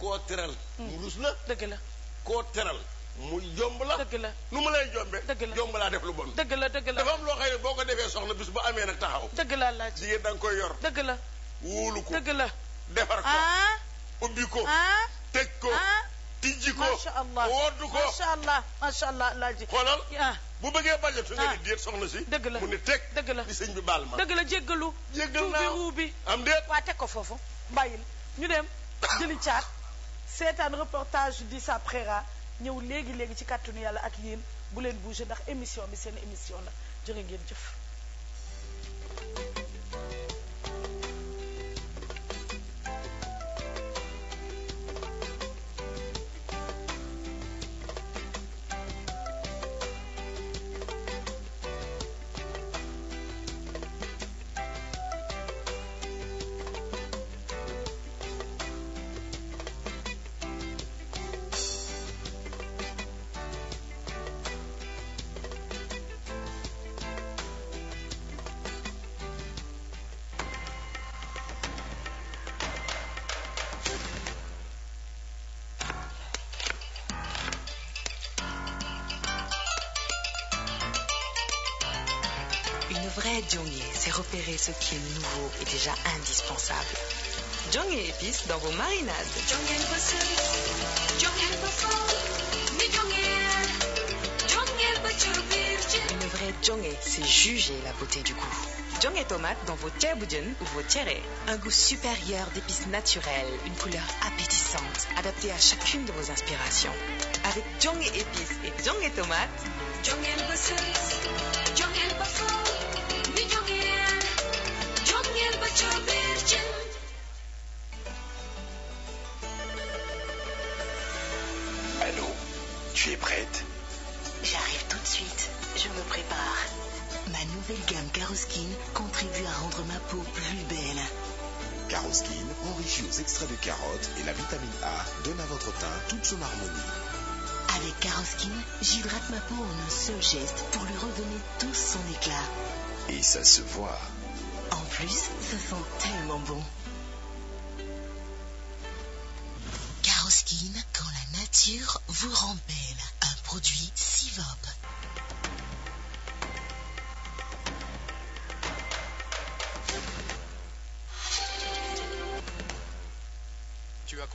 koo teral mu hmm. rus la dëgg la koo teral mu jomb la dëgg la nu mu lay jombe dëgg la jomb laa def lu bon dëgg la dëgg la dafa am loo xam boo ko defee soxna bis bu amee nag taxaw dëgg la laaj jigéen danga koy yor dëgg la wóolu ko dëgg la defar ko ah. ubbi ko tëj ko tijji ko macha allah woddu ko allah macha allah alaaji xoolal bu bëggee bañ tu nga ni déet soxna si dëgg la dëgg la di sëñ bi baal ma dëgg la jéggalu jéggal naa tuubi ruubi am déet waa teg ko foofu bàyyil ñu dem <coughs> jëli caat seetaan reportage di sa préra ñëw léegi léegi ci kàttanu yàlla ak yéen bu leen bougé ndax émission bi seen émission la jërë ngeen jëf repérer ce qui est nouveau et déjà indispensable. Jong et dans vos marinades. Une vraie jongé, c'est juger la beauté du goût. Jongé tomate dans vos tierboudiennes ou vos tierés. Un goût supérieur d'épices naturelles, une couleur appétissante, adaptée à chacune de vos inspirations. Avec Jongé épices et Jongé tomate, entretint toute son harmonie. Avec Karoskin, j'hydrate ma peau en un seul geste pour lui redonner tout son éclat. Et ça se voit. En plus, ça sent tellement bon. Karoskin, quand la nature vous rend Un produit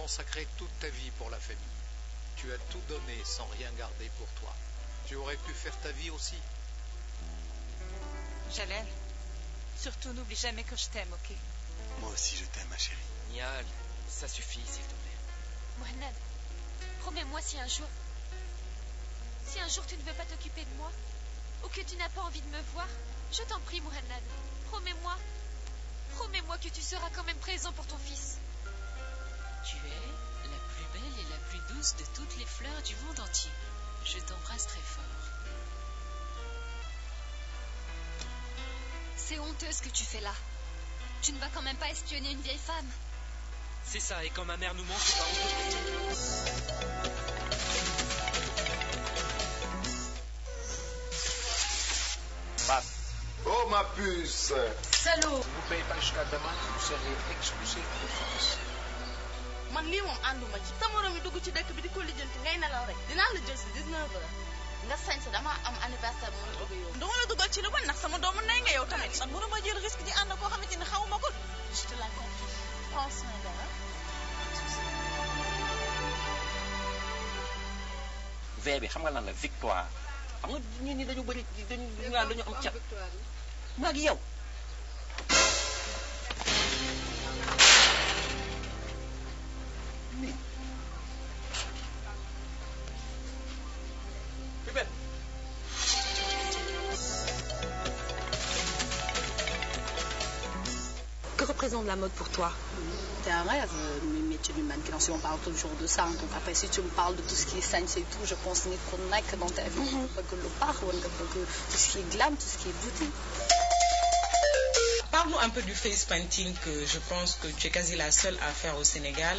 consacré toute ta vie pour la famille. Tu as tout donné sans rien garder pour toi. Tu aurais pu faire ta vie aussi. Jalel, surtout n'oublie jamais que je t'aime, ok Moi aussi je t'aime, ma chérie. Nial, ça suffit, s'il te plaît. Mohamed, promets-moi si un jour... Si un jour tu ne veux pas t'occuper de moi, ou que tu n'as pas envie de me voir, je t'en prie, Mohamed, promets-moi... Promets-moi que tu seras quand même présent pour ton fils. douce de toutes les fleurs du monde entier. Je t'embrasse très fort. C'est honteux que tu fais là. Tu ne vas quand même pas espionner une vieille femme. C'est ça, et quand ma mère nous ment, pas Oh ma puce Salaud Vous payez pas jusqu'à demain, vous serez exclusif de France. man lii moom ànduma ci sa morom yi dugg ci dëkk bi di ko lijjanti ngay nelaw rek dinaa la jël si 19 heures nga sañ si dama am anniversaire bu ma yóbbu yow. dama la dugal ci lu bon ndax sama doomu nay nga yow tamit. man mënuma jël risque di ànd koo xamante ni la confie bi xam nga lan la victoire xam nga nit ñi dañu bëri dañu dañu am cat maa ngi yow. nii fi benn Que représente la mode pour toi C'est un rêve, le euh, métier du mannequin. parle toujours de ça, donc après, si tu me parles de tout ce qui est saints et tout, je pense ni qu'on dans ta mm-hmm. que le parle, tout ce qui est glam, tout ce qui est beauté. Parle-nous un peu du face painting que je pense que tu es quasi la seule à faire au Sénégal.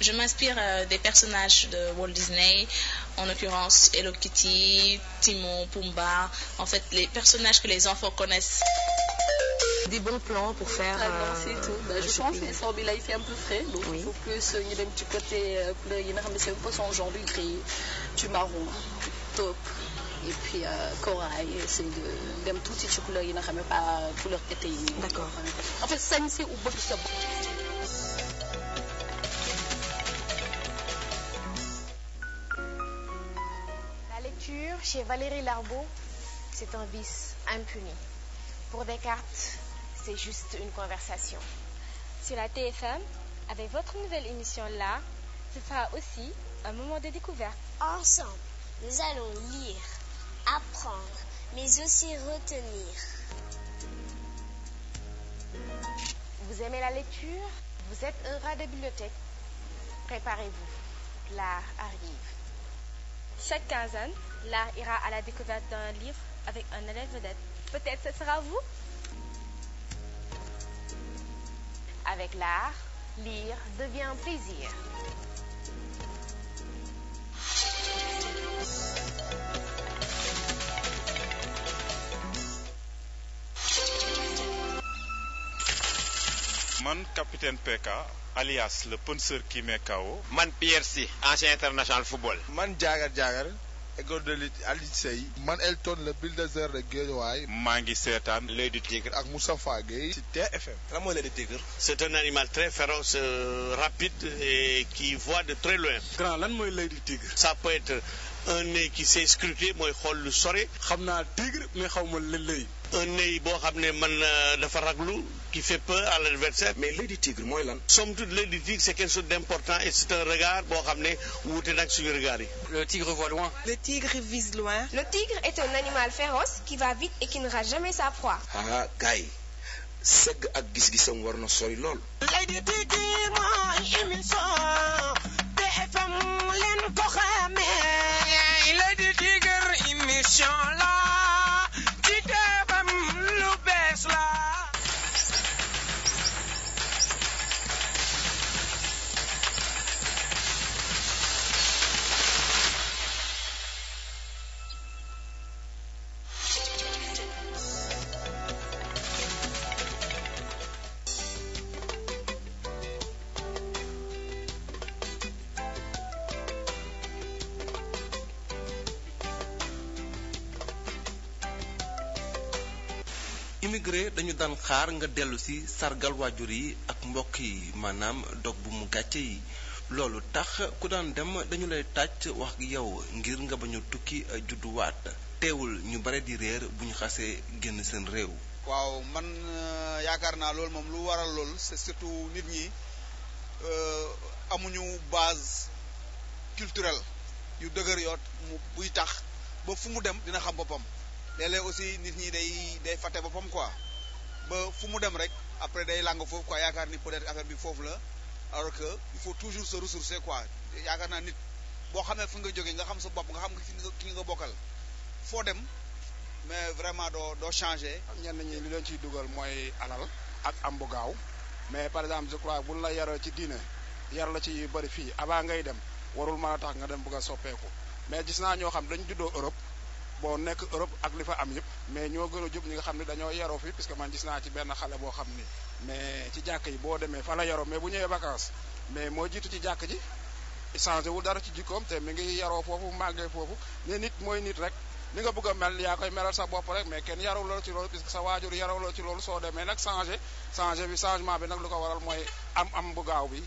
Je m'inspire euh, des personnages de Walt Disney, en l'occurrence Hello Kitty, Timon, Pumbaa, en fait les personnages que les enfants connaissent. des bons plans pour faire. vraiment euh, c'est bi lay fi un peu frais. donc il faut plus ñu dem ci côté euh, couleur du gris, du marron, et puis yi nga xam ne pas couleur été yi. d'accord en fait sañse u bëgg sa La lecture chez Valérie Larbeau, c'est un vice impuni. Pour Descartes, c'est juste une conversation. Sur la TFM, avec votre nouvelle émission L'Art, ce sera aussi un moment de découverte. Ensemble, nous allons lire. apprendre, mais aussi retenir. Vous aimez la lecture Vous êtes un rat de bibliothèque Préparez-vous, l'art arrive. Chaque quinzaine, l'art ira à la découverte d'un livre avec un élève vedette. Peut-être ce sera vous Avec l'art, lire devient plaisir. man capitaine PK alias le penseur qui met KO. man Pierre Sy ancien international football. man Jaagar Jaagar. école de lutte Aliou Seye. man Elton le bulldozer de Guédiawaye. maa ngi seetaan. l'œil du tigre ak Moustapha Gueye. ci TFM. lan mooy l'œil de tigre. c'est un animal très féroce euh, rapide et qui voit de très loin. grand lan mooy l'œil du tigre. ça peut être un nez qui sait scruter mooy xool lu sore. xam naa tigre mais xaw ma lëy. un nez boo xam ne man dafa raglu. qui fait peur à l'adversaire mais l'œil tigre mooy lan somme toute l'œil tigre c'est quelque chose d'important et c'est un regard boo xam ne wuute nag suñu regard le tigre voit loin le tigre est un animal féroce qui va vite et qui ne jamais sa proie ah gars yi sëgg ak gis-gisam war na tigre mooy émission bëree dañu daan xaar nga dellu si sargal waajur yi ak mbokk yi maanaam dog bu mu gàcce yi loolu tax ku daan dem dañu lay tàcc wax yow ngir nga bañ a tukki judduwaat teewul ñu bare di réer bu ñu xasee génn seen réew. waaw man euh, yaakaar naa loolu moom lu waral lool c'est surtout nit ñi euh, amuñu base culturel yu dëgër yoot buy tax ba fu mu dem dina xam boppam. léeg aussi nit ñi day day fàtte boppam quoi ba fu mu dem rek après day làng foofu quoi yaakaar ni peut-être affaire bi foofu la alors que il faut toujours se ressourcer quoi yaakaar naa nit boo xamee fu nga jógee nga xam sa bopp nga xam nga ki nga bokal foo dem mais vraiment doo doo changer. am ñenn ñi li leen ciy dugal mooy alal ak am bu gaaw mais par exemple je crois buñ la yaroo ci diine yar la ci yu bëri fii ngay dem warul mën a tax nga dem bëgg a soppeeku mais gis naa ñoo xam dañ juddoo Europe. boo nekk Europe ak li fa am yëpp mais ñoo gën a jub ñi nga xam ne dañoo yaroo fi parce que man gis naa ci benn xale boo xam ni mais ci jàkka yi boo demee fa la yaroo mais bu ñëwee vacances :fra mais :fra moo jiitu ci jàkk ji changé :fra wul dara ci jikkoom te mi ngi yaroo foofu màggee foofu mais nit mooy nit rek ni nga bëgg a mel yaa koy melal sa bopp rek mais kenn yarul la ci loolu puisque :fra sa waajur yarul la ci loolu soo demee nag changé :fra changé :fra bi changement bi nag lu ko waral mooy am-am bu gaaw bi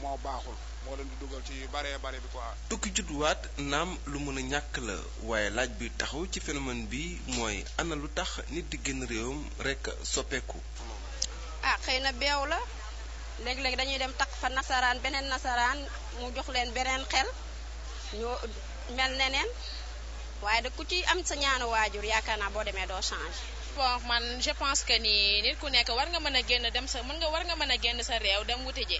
moo baaxul moo leen di dugal ci baree bare bi tukki judduwaat naam lu mën a ñàkk la waaye laaj bi taxaw ci phénomène bi mooy ana lu tax nit di génn réewam rek soppeeku. ah xëy na beew la léeg léegi dañuy dem takk fa nasaraan beneen nasaraan mu jox leen beneen xel ñu mel neneen waaye de ku ci am sa ñaanu waajur yaakaar naa boo demee doo change bon man je pense que ni nit ku nekk war nga mën a génn dem sa mën nga war nga mën a génn sa réew dem wuti ji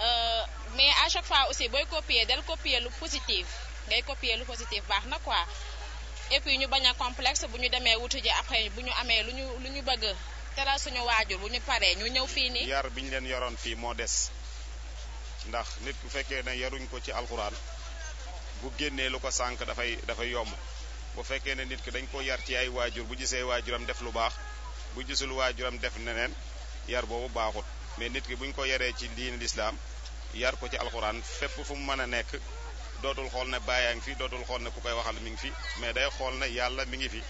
Euh, mais à chaque fois aussi booy copier del copier lu positif ngay copier lu positif baax na quoi et puis ñu bañ a complexe bu ñu demee wutu ji après bu ñu amee lu ñu lu ñu bëgg teral suñu waajur bu ñu paree ñu ñëw fii nii. yar bi ñu leen yoroon fii moo des ndax nit ku fekkee na yaruñ ko ci alxuraan bu génnee lu ko sànq dafay dafay yomb bu fekkee ne nit ki dañ ko yar ci ay waajur bu gisee waajuram def lu baax bu gisul waajuram def neneen yar boobu baaxut. mais nit ki bu ñu ko yaree ci diin lislaam yar ko ci alxuraan fépp fu mu mën a nekk dootul xool ne bàyyaa ngi fi dootul xool ne ku koy waxal mi ngi fi mais day xool ne yàlla mi ngi fi.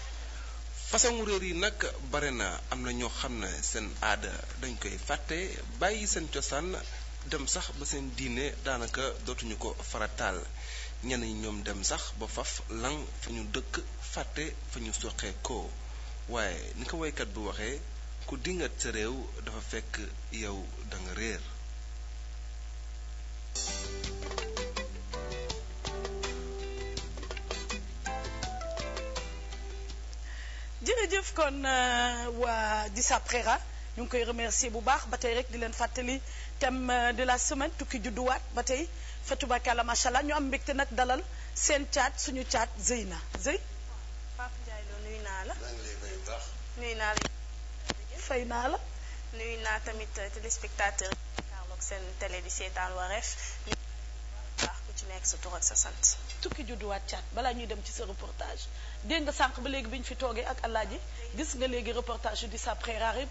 façon réer yi nag bare na am na ñoo xam ne seen aada dañ koy fàtte bàyyi seen cosaan dem sax ba seen diine daanaka dootuñu ko farataal ñenn ñi ñoom dem sax ba faf lan fa ñu dëkk fàtte fa ñu soqee ko waaye ni ko woykat bu waxee. ku dingat sa réew dafa fekk yow da réer jërëjëf kon euh, waa Dissa Préra ñu ngi koy remercier bu baax ba tey rek di leen fàttali thème euh, de la semaine tukki judduwaat ba tey Fatou Bakala macha allah ñu am mbégte nag dalal seen caat suñu caat Zeyna Zey. Pape Ndiaye fay naa la nuyu naa tamit téléspectateur Carlok seen télé di seetaan Wareef baax ku ci nekk sa tur sa sant tukki judduwaat caat balaa ñuy dem ci sa reportage dégg nga sànq ba léegi bi ñu fi toogee ak Alaaji gis nga léegi reportage yu di sa prérarib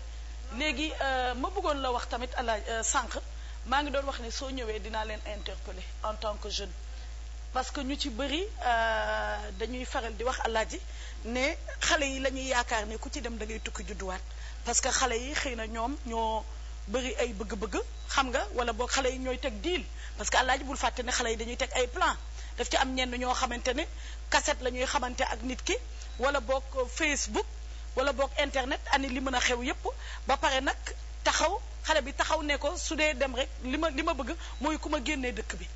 léegi euh, ma bëggoon la wax tamit Alaaji euh, sànq maa ngi doon wax ne soo ñëwee dinaa leen interpeller en tant que jeune parce que ñu ci bëri euh, dañuy faral di wax Alaaji ne xale yi la ñuy yaakaar ne ku ci dem da ngay tukki judduwaat parce que xale yi xëy na ñoom ñoo bëri ay bëgg-bëgg xam nga wala boog xale yi ñooy teg deal parce que àllaaji bul fàtte xale yi dañuy teg ay plan daf ci am ñenn ñoo xamante ni kaset la ñuy xamante ak nit ki wala boog Facebook wala boog internet ani li mën a xew yépp ba pare nag taxaw xale bi taxaw ne ko su dee dem rek li ma li ma bëgg mooy ku ma génnee dëkk bi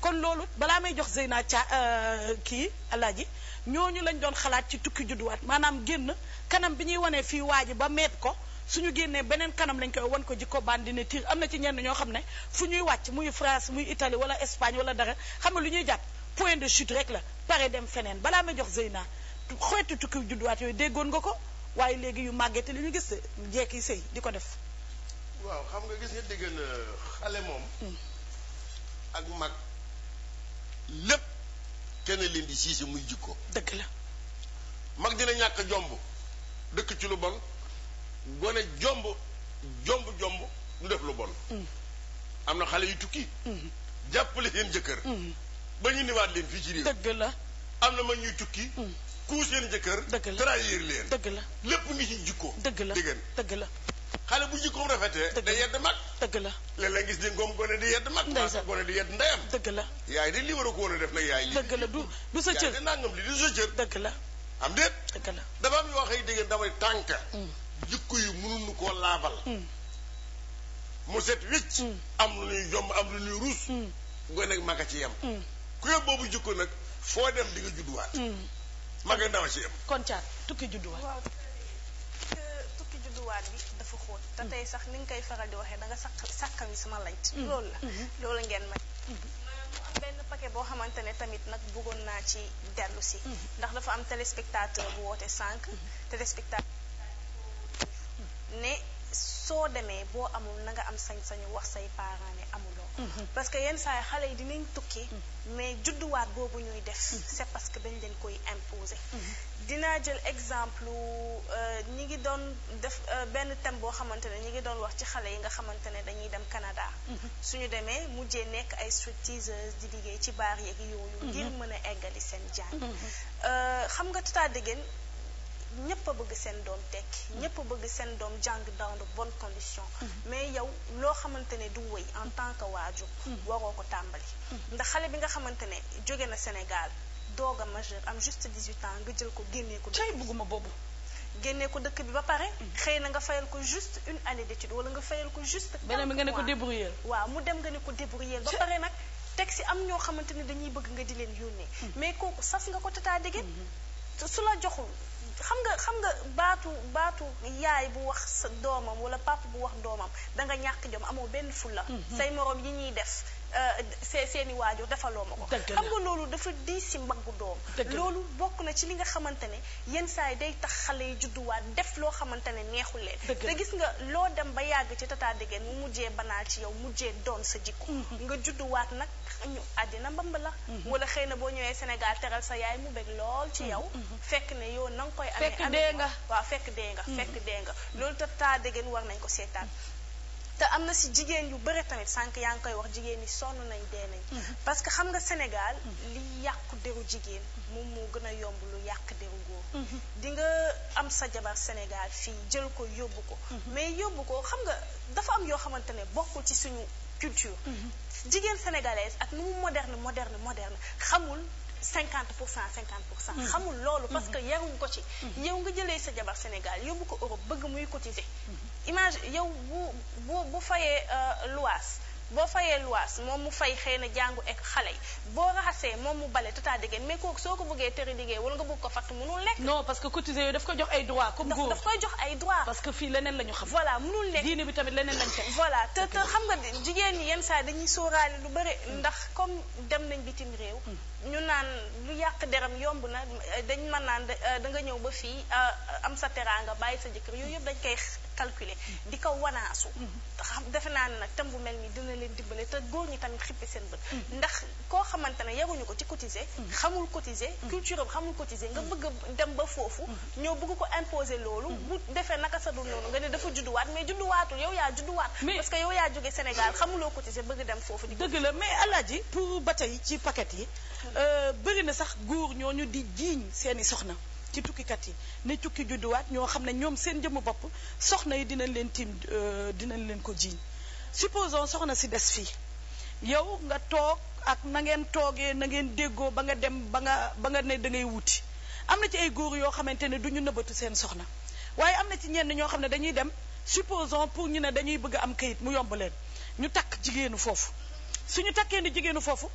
kon loolu balaa may jox Zeyna ca euh, kii Alaaji ñooñu lañ doon xalaat ci tukki judduwaat maanaam génn kanam bi ñuy wanee fii waa ji ba meet ko suñu génnee beneen kanam lañ koy wan ko jikko bandinétisme am na ci ñenn ñoo xam ne fu ñuy wàcc muy France muy Italie wala Espagne wala dara xam nga lu ñuy jàpp point de chute rek la pare dem feneen balaa ma jox Zeyna xeetu tukki judduwaat yooyu déggoon nga ko waaye léegi yu màggee te li ñu gis jekki sëy di ko def. waaw xam nga gis nga dégg na xale moom. Hmm. ak kenn leen di siise muy jikko dëgg la mag dina ñàkk jomb dëkk ci lu bon gone jomb jomb jomb du def lu bon mm. am na xale yu tukki mm-hmm. jàppale seen jëkkër mm-hmm. ba ñu niwaat leen fii ci réew dëgg la am na mag ñuy tukki mm. ku seen jëkkër trahir leen dëgg la lépp ngi ci jikko dëgg la dëgg la xale bu jikkoom rafetee day yedd mag dëgg la la gis ne ngoom gone di yedd mag ndeysaan gone di yedd ndeyam dëgg la yaay di li war a ko woon a def nag yaay li dëgg la du du sa cër yaay nangam li du sa cër dëgg la am déet dëgg la dafa am yoo xëy diggéen damay tànk mm. jikko yu mënuñu koo laabal mm. mu set wicc mm. am lu ñuy jomb am lu ñuy ruus gone mag a ci yem ku yóbbu boobu jikko nag foo dem di nga judduwaat mag a ndaw a ci yem kon caat tukki judduwaat euh, tukki judduwaat bi te tey sax ni nga koy faral di waxee da nga sàq sàkkal ñu sama layt mm-hmm. loolu la mm-hmm. loolu ngeen may mm-hmm. benn paquet boo xamante ne tamit nag bëggoon naa ci dellu si ndax dafa am téléspectateur bu woote sànq téléspectateur ne soo demee boo amul na nga am sañ-sañu wax say parents ne amuloo mhm. parce que yenn saa xale yi dinañ tukki mhm. mais judduwaat boobu ñuy def mhm. c'est parce que dañ leen koy imposer dinaa jël exemple wu euh, ñi ngi doon def euh, benn thème boo xamante ne ñi ngi doon wax ci xale yi nga xamante ne dañuy dem Canada suñu demee mujjee nekk ay stripteaseuses di liggéey ci baar yeeg yooyu ngir mën a eggali seen jàng euh, xam nga Tata Déguène ñëpp a bëgg seen doom tekki ñëpp a bëgg seen doom jàng dans de bonnes conditions mm-hmm. mais yow loo xamante ne du wëy en mm-hmm. tant que waajur mm-hmm. waroo ko tàmbali ndax xale bi nga xamante ne jóge na Sénégal doog a majeur am juste 18 ans nga jël ko génnee ko cay bëgguma boobu génnee ko dëkk bi ba pare xëy na nga fayal ko juste une année d'étude wala nga fayal ko juste beneen bi nga ne ko débrouiller waaw mu dem nga ne ko débrouiller ba pare nag teg si am ñoo xamante ne dañuy bëgg nga di leen yónnee mais kooku saf nga ko tataa dégg su la joxul xam nga xam nga baatu baatu yaay bu wax sa doomam wala papa bu wax doomam da nga ñàkk jom amoo benn fulla mhm. say moroom yi ñuy def Euh, see seeni waajur defaloo ma ko xam nga loolu dafa di si mbaggu doom loolu bokk na ci li nga xamante ne yenn saa yi day tax xale yi judduwaat def loo xamante ne neexul leen te gis nga loo dem ba yàgg ci tataa dégéen mu mujjee banaal ci yow mujjee doon sa jikko mm-hmm. nga judduwaat nag ñu àddina mbamb la mm-hmm. wala xëy na boo ñëwee Sénégal teral sa yaay mu bég lool ci yow mm-hmm. fekk ne yoon nan nga koy amee amee waaw fekk dee nga fekk dee nga loolu tataa dégéen war nañ ko seetaan te am na si jigéen yu bëre tamit sànq yaa ngi koy wax jigéen ñi sonn nañ dee nañ mm-hmm. parce que xam nga Sénégal mm-hmm. li yàqu deru jigéen mm-hmm. moom moo gën a yomb lu yàq deru góor di nga am sa jabar Sénégal fii jël ko yóbbu ko mais yóbbu ko xam nga dafa am yoo xamante ne bokkul ci suñu culture jigéen sénégalaise ak nu mu moderne moderne moderne xamul 50 pour cent 50 pour cent. xamul loolu parce que yaruñ ko ci yow nga jëlee sa jabar Sénégal yóbbu ko Europe bëgg muy cotiser image yow bu bu bu fayee euh, luwaas boo fayee luwaas moom mu fey xëy na jàngu ek xale yi boo raxasee moom mu bale tata dëggeen mais kooku soo ko bëggee tëri liggéey wala nga bëgg ko fatt mënul nekk. non parce que cotisé yooyu daf koy jox ay droit comme góor daf koy jox ay droit parce que fii leneen la ñu xam. voilà mënul nekk diine bi tamit leneen lañ teg. voilà te te xam nga jigéen ñi yenn saa dañuy sóoraale lu bëri ndax comme dem nañ bitim réew. Hmm. ñu naan lu yàq deram yomb na dañ mën naan euh, da nga ñëw ba fii euh, am sa teraanga bàyyi sa jëkkër yooyu yëpp dañ koy calculer di ko wanaasu mm-hmm. xam defe naa ne nag tam bu mel ni dina leen dimbale te góor ñi tamit xippi seen bët mm-hmm. ndax koo xamante ne yaruñu ko ci cotiser mm-hmm. xamul cotiser culture am xamul cotiser nga bëgg dem ba foofu ñoo bëgg ko imposer loolu bu defe naka sa dul noonu nga ne dafa judduwaat mais judduwaatul yow yaa judduwaat parce que yow yaa jóge Sénégal xamuloo cotiser bëgg dem foofu di dëgg la mais alaaji pour ba tey ci paquet yi euh, bëri na sax góor ñoo ñu di jiiñ seeni soxna ci tukkikat yi ne tukki judduwaat ñoo xam ne ñoom seen jëmmu bopp soxna yi dinañ leen tiim euh, dinañ leen ko jiiñ supposons soxna si des fii yow nga toog ak na ngeen toogee na ngeen déggoo ba nga dem ba nga ba nga ne da ngay wuti am na ci ay góor yoo xamante ne du ñu nëbbatu seen soxna waaye am na ci ñenn ñoo xam ne dañuy dem supposons pour ñu ne dañuy bëgg am kayit mu yomb leen ñu takk jigéenu foofu su ñu takkee ni jigéenu foofu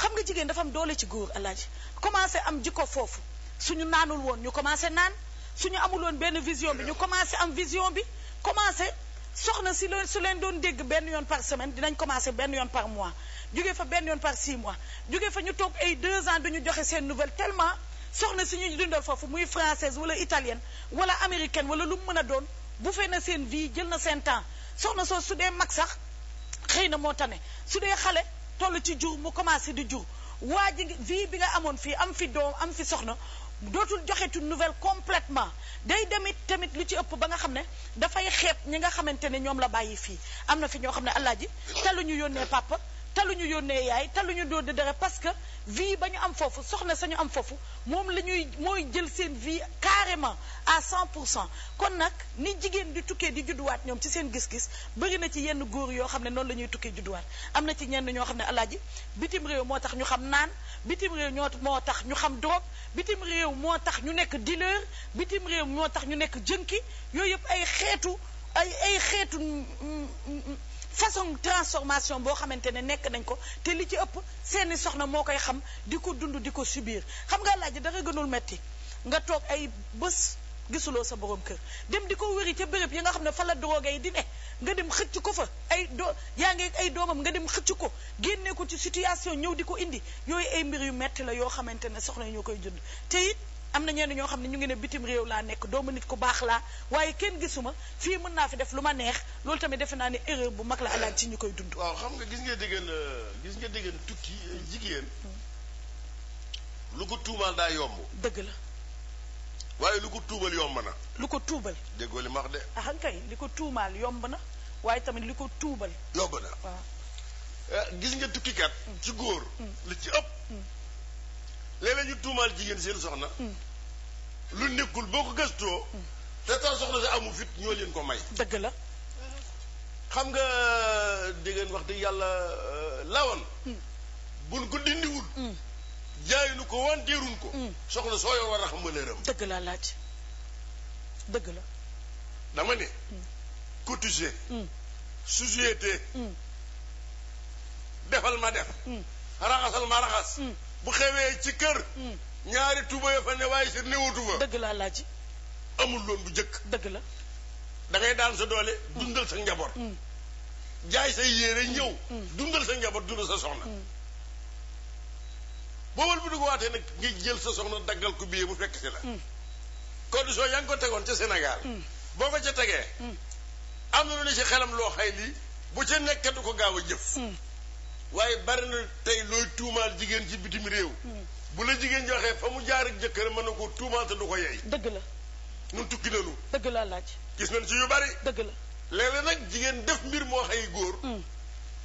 xam nga jigéen dafa am doole ci góor alaaji commencé am jikko foofu su ñu naanul woon ñu commencé naan su ñu amul woon benn vision bi ñu commencé am vision bi commencé soxna si leen su leen doon dégg benn yoon par semaine dinañ commencé benn yoon par mois jóge fa benn yoon par six mois jóge fa ñu toog ay deux ans ñu joxe seen nouvelle tellement soxna si ñu dundal foofu muy française wala italienne wala américaine wala lu mu mën a doon bu fee na seen vie jël na seen temps soxna soo su dee mag sax xëy na moo tane su dee xale toll ci jur mu commencé di jur waa ji vie bi nga amoon fii am fi doom am fi soxna dootul joxetu nouvelle complètement day demit tamit lu ci ëpp ba nga xam ne dafay xeeb ñi nga xamante ne ñoom la bàyyi fii am na fi ñoo xam ne alaaji te lu ñu yónnee papa ñu yónnee yaay taluñu dóor de dara parce que vie ba ñu am foofu soxna ñu am foofu moom la ñuy mooy jël seen vie carrément à 100 pour cent kon nag ni jigéen di tukkee di judduwaat ñoom ci seen gis-gis bëri na ci yenn góor yoo xam ne noonu la ñuy tukkee judduwaat am na ci ñenn ñoo xam ne alaaji bitim réew moo tax ñu xam naan bitim réew moo tax ñu xam drogue bitim réew moo tax ñu nekk dealer bitim réew moo tax ñu nekk jënki yooyu yëpp ay xeetu ay ay xeetu mm, mm, mm, façon transformation boo xamante ne nekk nañ ko te li ci ëpp seeni soxna moo koy xam di ko dund di ko subir xam nga laaj dara gënul metti nga toog ay bés gisuloo sa borom kër dem di ko wëri ca bërëb yi nga xam ne fa la drogue yi di ne nga dem xëcc ko fa ay doo yaa ngi ay doomam nga dem xëcc ko génne ko ci situation ñëw di ko indi yooyu ay mbir yu metti la yoo xamante ne soxna yi ñoo koy jund te it am na ñenn ñoo xam ne ñu ngi ne bitim réew laa nekk doomu nit ku baax laa waaye kenn gisuma fii mën naa fi def lu ma neex loolu tamit defe naa ne erreur bu mag la alaaj ci ñu koy dund waaw xam nga gis nga déggan gis nga déggan tukki euh, jigéen hmm. lu ko tuumaal daa yomb dëgg la waaye lu ko tuubal yomb na lu ko tuubal déggoo li ma wax de ah kay li ko tuumaal yomb na waaye tamit li ko tuubal yomb na euh, gis nga tukkikat hmm. ci góor hmm. li ci ëpp léeg-léeg ñu tuumaal jigéen seen soxna lu nekkul boo ko gëstoo te tax soxna sa amu fit ñoo leen ko may dëgg la xam nga dégg ngeen wax dëgg yàlla euh, lawan buñ ko dindiwul hmm. jaay nu ko wanteeruñ ko hmm. soxna soo yor war a xam malheuram dëgg la laaj dëgg la dama ne hmm. cotiser société defal ma def raxasal ma raxas bu xewee ci kër. Hmm. ñaari tuba ya fa ne waaye si néewatu fa. dëgg la laaj. amul loon bu jëkk dëgg la. dangay ngay daan sa doole. Hmm. dundal sa njaboot. Hmm. jaay sa yére ñëw. dundal sa njaboot dundal sa soxna. boobal bu dugg waatee nag nga jël sa soxna daggal ko bii bu fekk si la. condition yaa ngi ko tegoon ca Sénégal. boo ko ca tegee. am na lu ne ci xelam loo xay lii bu ca nekkatu ko gaaw a jëf. waaye bari na tey looy tuumaal jigéen ci bitim réew. Hmm. bu la jigéen ji waxee fa mu jaar ak jëkkër mën na ko tuumaal te du ko yey. dëgg la. nun tukki nañu. dëgg la laaj. gis nañ ci yu bari. dëgg la léeg-léeg nag def mbir moo xëy góor. Hmm.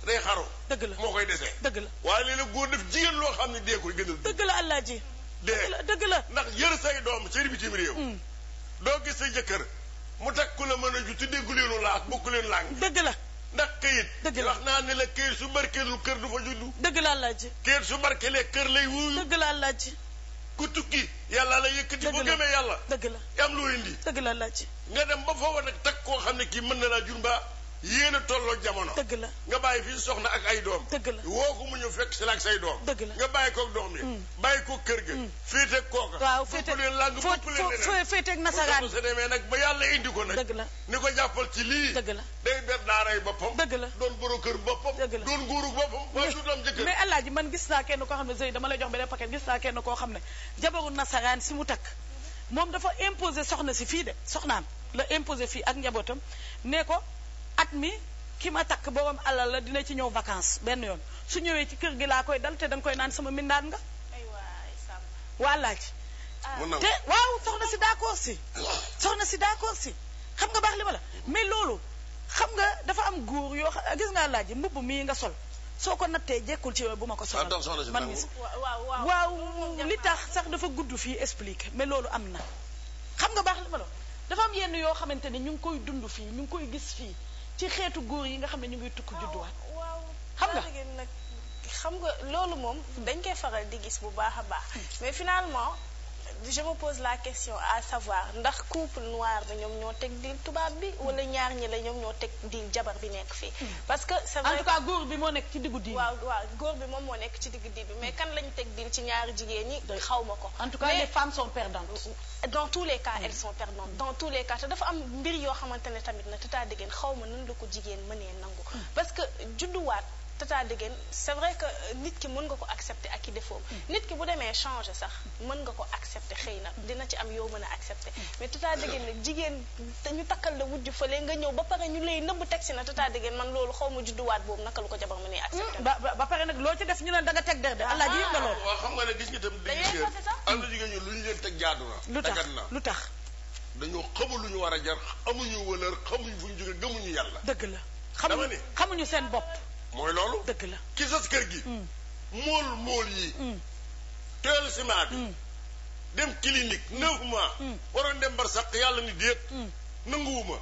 day xaru. dëgg la moo koy desee. dëgg la waaye léeg-léeg góor def jigéen loo xam ne dee koy gënal. dëgg la ji dee dëgg la ndax yër say doom ci bitim réew. Hmm. doo gis sa jëkkër mu takku la mën a ju te déggu leenu laak bokk leen làng. dëgg la. ndax këyit dëgg la wax naa ne la këyit su barkeelul kër du fa juddu dëgg laa laaj këyit su barkeelee kër lay wuyu dëgg laa laaj ku tukki yàlla la yëkkati bu gëmee yàlla dëgg la am loo indi dëgg laa laaj nga dem ba foofa nag takk koo xam ne kii mën na laa jur mbaa yéen a tolloog jamono dëgg la nga bàyyi fii soxna ak ay doom dëgg la woo ko mu ñëw fekk si la ak say doom dëgg la nga bàyyi kook doom yi mm. bàyyi koog kër ga mm. féete kooka waaw féete leen làng fépp leen leneen féete ak nasaraan sa demee ko nag dëgg la ni ko jàppal ci lii la doon borom kër boppam dëgg la doon nguuru boppam waaye du doom jëkkër mais alaaji man gis naa kenn koo xam ne sëy dama lay jox benn paquet gis naa kenn koo xam ne jabaru nasaraan si mu takk moom dafa imposé soxna si fii de soxnaam la imposé fii ak njabootam ne ko at mi ki ma takk borom alal la dina ci ñëw vacances benn yoon su ñëwee ci kër gi laa koy dal te danga koy naan sama mindaan nga. waa laaj. Ah. te waaw soxna si d'accord si. soxna si d'accord si xam nga baax li ma la mais loolu xam nga dafa am góor yoo xam gis nga laaj mbubb mii nga sol. soo ko nattee jekkul ci bu ma ko sonal man mi waaw li tax sax dafa gudd fii explique mais loolu am na xam nga baax li ma la dafa am yenn yoo xamante ne ñu ngi koy dund fii ñu ngi koy gis fii ci xeetu góor yi nga xam ne ñu ngi tukk ju waaw oh, xam nga xam nga loolu moom dañ koy faral di gis bu baax a baax hmm. mais finalement je me pose la question à savoir ndax couple noir bi ñoom ñoo teg diil tubaab bi wala ñaar ñi la ñoom ñoo teg diil jabar bi nekk fii hmm. parce que sa vrai en tout cas góor bi moo nekk ci diggu diil moom moo nekk ci diggu diil bi mais kan lañu teg diil ci ñaari jigéen ñi xaw ko en tout cas les femmes sont perdantes dans tous les cas hmm. elles hmm. dans tous les cas te dafa am mbir yoo xamante ne tamit na tata dëggeen xaw ma nan la ko jigéen mënee nangu parce que judduwaat tata dëggeen c' est que nit ki mën nga ko accepter ak i défaut mm. nit ki bu demee changé sax mën nga ko accepter xëy na mm. dina ci am yoo mën a accepter mm. mais tata dëggeen nag jigéen dañu takkal la wujj fële nga ñëw ba pare ñu lay nëbb teg si na tata dëggeen man loolu xaw ma judduwaat boobu naka lu ko jabar mën a accepter ba pare nag loo ci def ñu ne da nga teg der de ah. allah ji nga loolu waaw xam nga ne gis nga tam dëgg am ñu lu ñu leen teg jaadu na dagan na lu tax dañoo xamul lu ñu war a jar xamuñu wëlër xamuñu fu ñu jóge gëmuñu seen bopp mooy loolu. dëgg la ki kër gi. Mm. mool mool yi. Mm. teel ciment bi. Mm. dem clinique neuf mois. waroon dem bar sax yàlla ni déet. nanguwuma.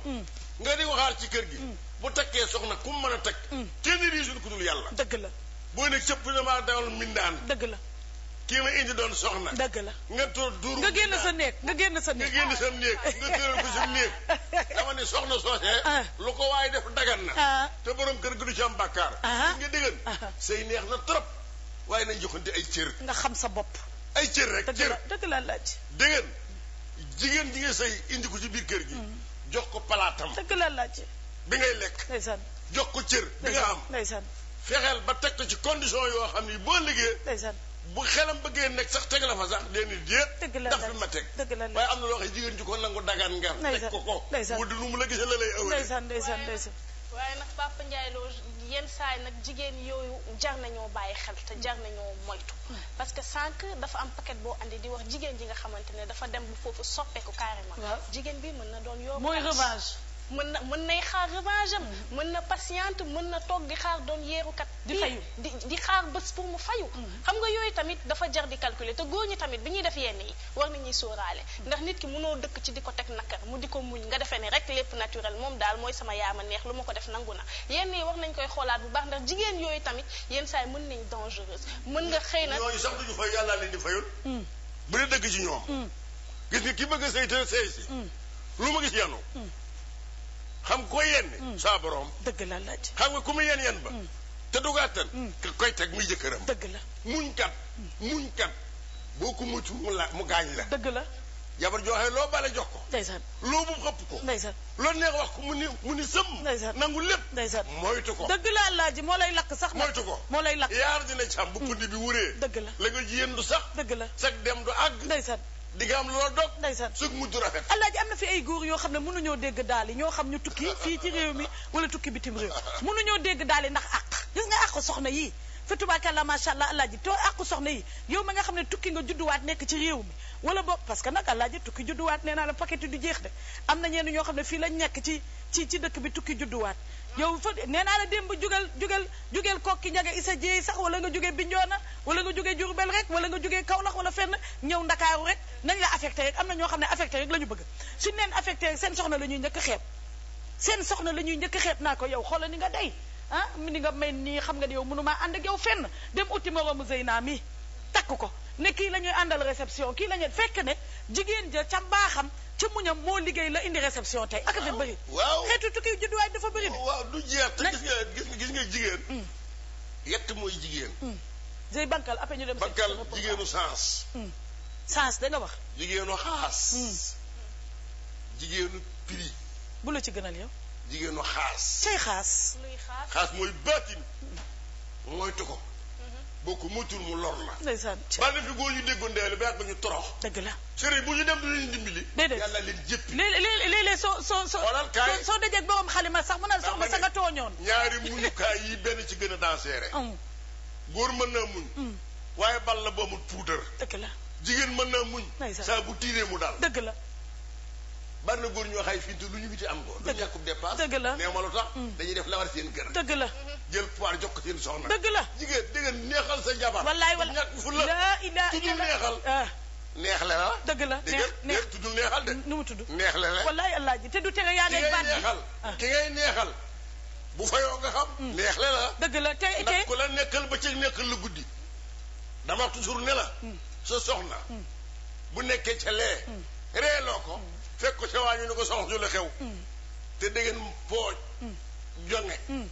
nga di waxaar ci kër gi. bu takkee soxna ku mu mën a takk. kenn riisul ku dul yàlla. dëgg la boo nekk cëpp damaa dawal mbindaan. dëgg la. kii la indi doon soxna. dëgg la nga tur duuru. nga génn sa néeg nga génn sa néeg. nga génn sa néeg nga tëral ko sa néeg. <laughs> dama ne soxna soosee. Ah. lu ko waaye def dagan na. Ah. te borom kër gi du ci am bàkkaar. Ah. nga déggan say neex na trop waaye nañ joxante ay cër. nga xam sa bopp. ay cër rek cër dëgg la laaj. déggan jigéen ji nga say indi ko si biir kër gi. Mm. jox ko palaatam. dëgg la laaj. bi ngay lekk. ndeysaan jox ko cër. bi nga am fexeel ba teg ko ci condition yoo xam ni boo liggéey. ndeysaan bu xelam bëggee nekk sax teg la fa sax dee ni déet fi ma teg waaye am na loo xam ne jigéen ju ko nangu dagaan ko ko bu di lu mu la gisee la lay ëwee ndeysaan ndeysaan ndeysaan waaye loo yenn saa yi nag jigéen yooyu jar nañoo bàyyi xel te jar ñoo moytu parce que sànq dafa am paquet boo andi di wax jigéen ji nga xamante ne dafa dem bu foofu soppeeku carrément jigéen bi mën na doon yooyu mooy revanche mën na mën nay xaar revanche am mm-hmm. mën na patiente mën na toog di xaar doon yeerukat di fayu di di xaar bés pour mu fayu mm-hmm. xam nga yooyu tamit dafa jar di calculer te góor ñi tamit bi ñuy def yenn yi war nañuy sóoraale mm-hmm. ndax nit ki mu mënoo dëkk ci di ko teg nakar mu di ko muñ nga defee ne rek lépp naturel moom daal mooy sama yaama neex lu ma ko def nangu na yenn yi war nañ koy xoolaat bu baax ndax jigéen yooyu tamit yenn saa yi mën nañ dangereuse mën nga xëy na ñooñu sax duñu fay yàlla leen di mm. bu dee dëgg ci ñoom mm. gis nga ki bëgg sëy te sëy si lu ma gis xam nga koy yenn. Mm. saa borom. dëgg la laaj. xam nga ku mu yen ba. Mm. te du mm. koy teg muy jëkkëram. dëgg la muñ kat. muñ kat boo ko muccu mu la mu gaañ la. dëgg la. jabar joxe loo bale jox ko. ndeysaan loo bu xëpp ko. ndeysaan loo neex wax ko mu ni mu ni sëm. ndeysaan nangu lépp. ndeysaan moytu ko. dëgg la alaaji moo lay lakk sax. moytu ko moo lay lakk. yaar dina ci am bu pundi bi wuree. dëgg la la nga lu sax. dëgg la sag dem du àgg. ndeysaan di nga am loola dog ndeysaan su mujj rafet alaaji am na fi ay góor yoo xam ne mënuñoo dégg daal yi ñoo xam ñu tukki fii ci réew mi wala tukki bitim réew mënuñoo dégg daal yi ndax àq gis nga àq soxna yii fa tubaakalla macha allah alaaji too àqu soxna yi yow ma nga xam ne tukki nga judduwaat nekk ci réew mi wala boog parce que nag alaaji tukki judduwaat nee naa la paquet du jeex de am na ñenn ñoo xam ne fii lañ nekk ci ci ci dëkk bi tukki judduwaat yow fa nee naa la démb jugal jugal jugal kokki njaga isa jéey sax wala nga jógee Bignona wala nga jógee Diourbel rek wala nga jógee Kaolack wala fenn ñëw ndakaaru rek nañ la affecté rek am na ñoo xam ne affecté rek la ñu bëgg suñ leen affecté rek seen soxna la ñuy njëkk xeeb seen soxna la ñuy njëkk xeeb naa ko yow xoolal ni nga day ah mi ni nga may nii xam nga de yow mënumaa ànd ak yow fenn dem uti moroomu Zeyna mii takk ko ne kii la ñuy àndal réception kii la ñuy fekk ne jigéen ja ca mbaaxam ca muñam moo liggéey la indi réception tey ak a bëri ñett jigéen. day hmm. bankal après ñu dem. bankal jigéenu sens. sens da nga wax. jigéenu xaas. Hmm. jigéenu prix. bu la ci gënal yow. jigéenu xaas. cay xaas. luy xaas xaas mooy baatin. moytu boo ko moytuwul mu lor la. ndeysaan bari na fi góor ñu déggoon deewee ba yàgg ba ñu torox. dëgg la sëriñ bu ñu dem du ñu dimbali. déedéet yàlla leen jëpp. léeg soo soo soo. xoolal kaay soo dajee ak borom xalima sax mu naan soxna sa nga tooñoon. ñaari muñukaay yi benn ci gën a danseere. Mm. góor mën naa muñ. Mm. waaye bal la boo amul puudar. dëgg la jigéen mën naa muñ. sax bu tiiree mu daal dëgg la bari na góor ñoo xay fii te lu ñu witi am ko lu ñàkkub dépense dëgg la nee ma lu mm. def lawar seen kër dëgg la jël pouvoir jox ko seen soxna dëgg la jigéen dëgg neexal sa jabar wallaay wala ñàkk fu la laa ilaa tuddul neexal ah. neex la la dëgg la neex tuddul neexal de nu tudd neex la la wallaay allah ji te du tere yaa nekk baat neexal ah. ki neexal bu fayoo nga xam mm. neex la la dëgg la te te ku la nekkal ba ci nekkal la guddi dama toujours ne la mm. sa soxna bu nekkee ca lee reeloo ko fekk ko ca waa ñu ne ko soxna su la xew. Mm. te dangeen booj. Mm. jonge mm.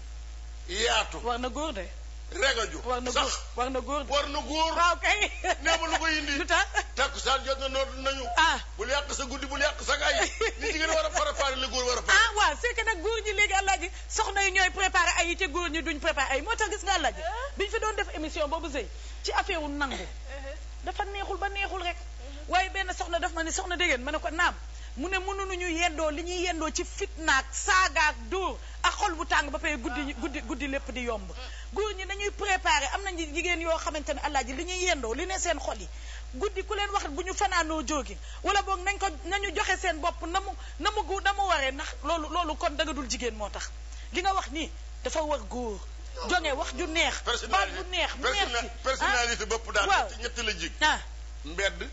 yaatu war na góor de. regaju war na góor war na góor war na góor. waaw ah, kay. nee ma lu ko indi. lu tax takkusaan jot na noor nañu. ah bul yàq sa guddi bul yàq sa gaay li jigéen war a préparer la góor war a. ah waaw c'est nag góor ñi léegi àllaaji soxna yi ñooy préparer ay yi te góor ñi duñ préparer ay moo tax gis nga àllaaji ah. biñ fi doon def émission boobu sëy ci affaire wu nangu. Uh-huh. dafa neexul ba neexul rek. Uh-huh. waaye benn soxna daf ma ne soxna dégg ngeen ma ne ko naam. mu ne mënuñu yendoo li ñuy yendoo ci fitnaak saagaak dóor ak xol bu tàng ba pay guddi guddi guddi lépp di yomb góor ñi nañuy préparé am nañu jigéen yoo xamante ne alaaji li ñuy yendoo li ne seen xol yi guddi ku leen wax bu ñu fanaanoo jógi wala boog nañ ko nañu joxe seen bopp na mu na mu gu na mu waree ndax loolu loolu kon da jigéen moo tax li nga wax nii dafa war góor jonge wax ju neex baat bu neex mu neex ci personnalité ah, bopp daal ñetti la jig ah. mbedd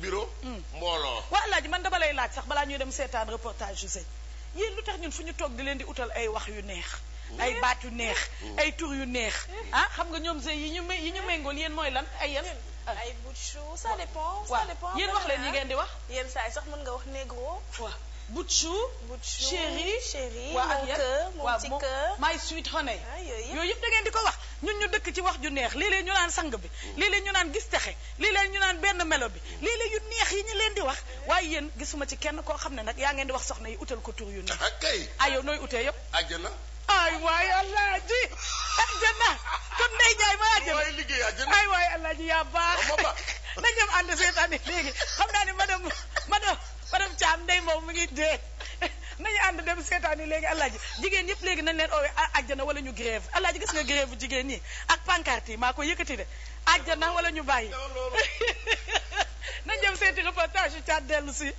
bureau. Hmm. mbooloo. waa laaj man dama lay laaj sax balaa ñuy dem seetaan reportage yu sëñ yéen lu tax ñun fu ñu toog di leen di utal ay wax yu neex. Hmm. ay baat yu neex. Hmm. ay tur yu neex. ah xam nga ñoom sëñ yi ñu yi ñu méngool yéen mooy lan ay yan. Ah. ay bouchou ça dépend. ça dépend yéen wax leen yi ngeen di wax. yéen saa yi sax mën nga wax négro. waaw. Butchou. Butchou chéri chéri mon cœur mon petit cœur my sweet honey. Ah, yooyu yëpp da ngeen di ko wax ñun ñu dëkk ci wax ju neex léeg-léeg ñu naan sang bi. Mm. léeg-léeg ñu naan gis texe lii léeg ñu naan benn melo bi mm. léeg-léeg yu neex yi ñu leen di wax mm. waaye yéen gisuma ci kenn koo xam ne nag yaa ngeen di wax soxna yi utal ko tur yu neex. Ah, kay ah yow nooy utee yëpp. àjjana. ay waay alaaji àjjana kon Ndeye Ndiaye ma àjjana. mooy liggéey àjjana ay waay alaaji yaa baax. <laughs> na ñoom ànd seetaani léegi xam naa ne madame Thiam ndey moom mu ngi dee nañu ànd dem seetaan yi léegi alaaji jigéen ñëpp léegi nañ leen oowee àjjana wala ñu grève alaaji gis nga grève jigéen ñi ak pancarte yi maa ko yëkkati de àjjana wala ñu bàyyi <laughs> nañ dem seeti reportage yu caat dellu si <laughs>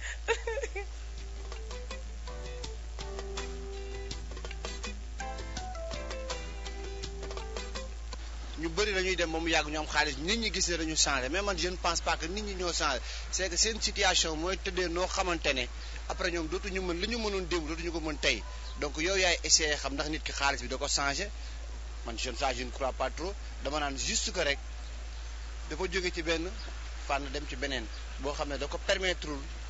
ñu bëri dañuy dem ba mu yàgg ñoom am xaalis nit ñi gis ne dañu changé mais man je ne pense pas que nit ñi ñoo changé c'est que seen situation mooy tëddee noo xamante ne après ñoom dootuñu mën li ñu mënoon démb ñu ko mën tey donc yow yaay essayé xam ndax nit ki xaalis bi da ko changé man sa ne crois pas trop dama naan juste que rek dafa jóge ci benn fànn dem ci beneen boo xam ne da ko permettre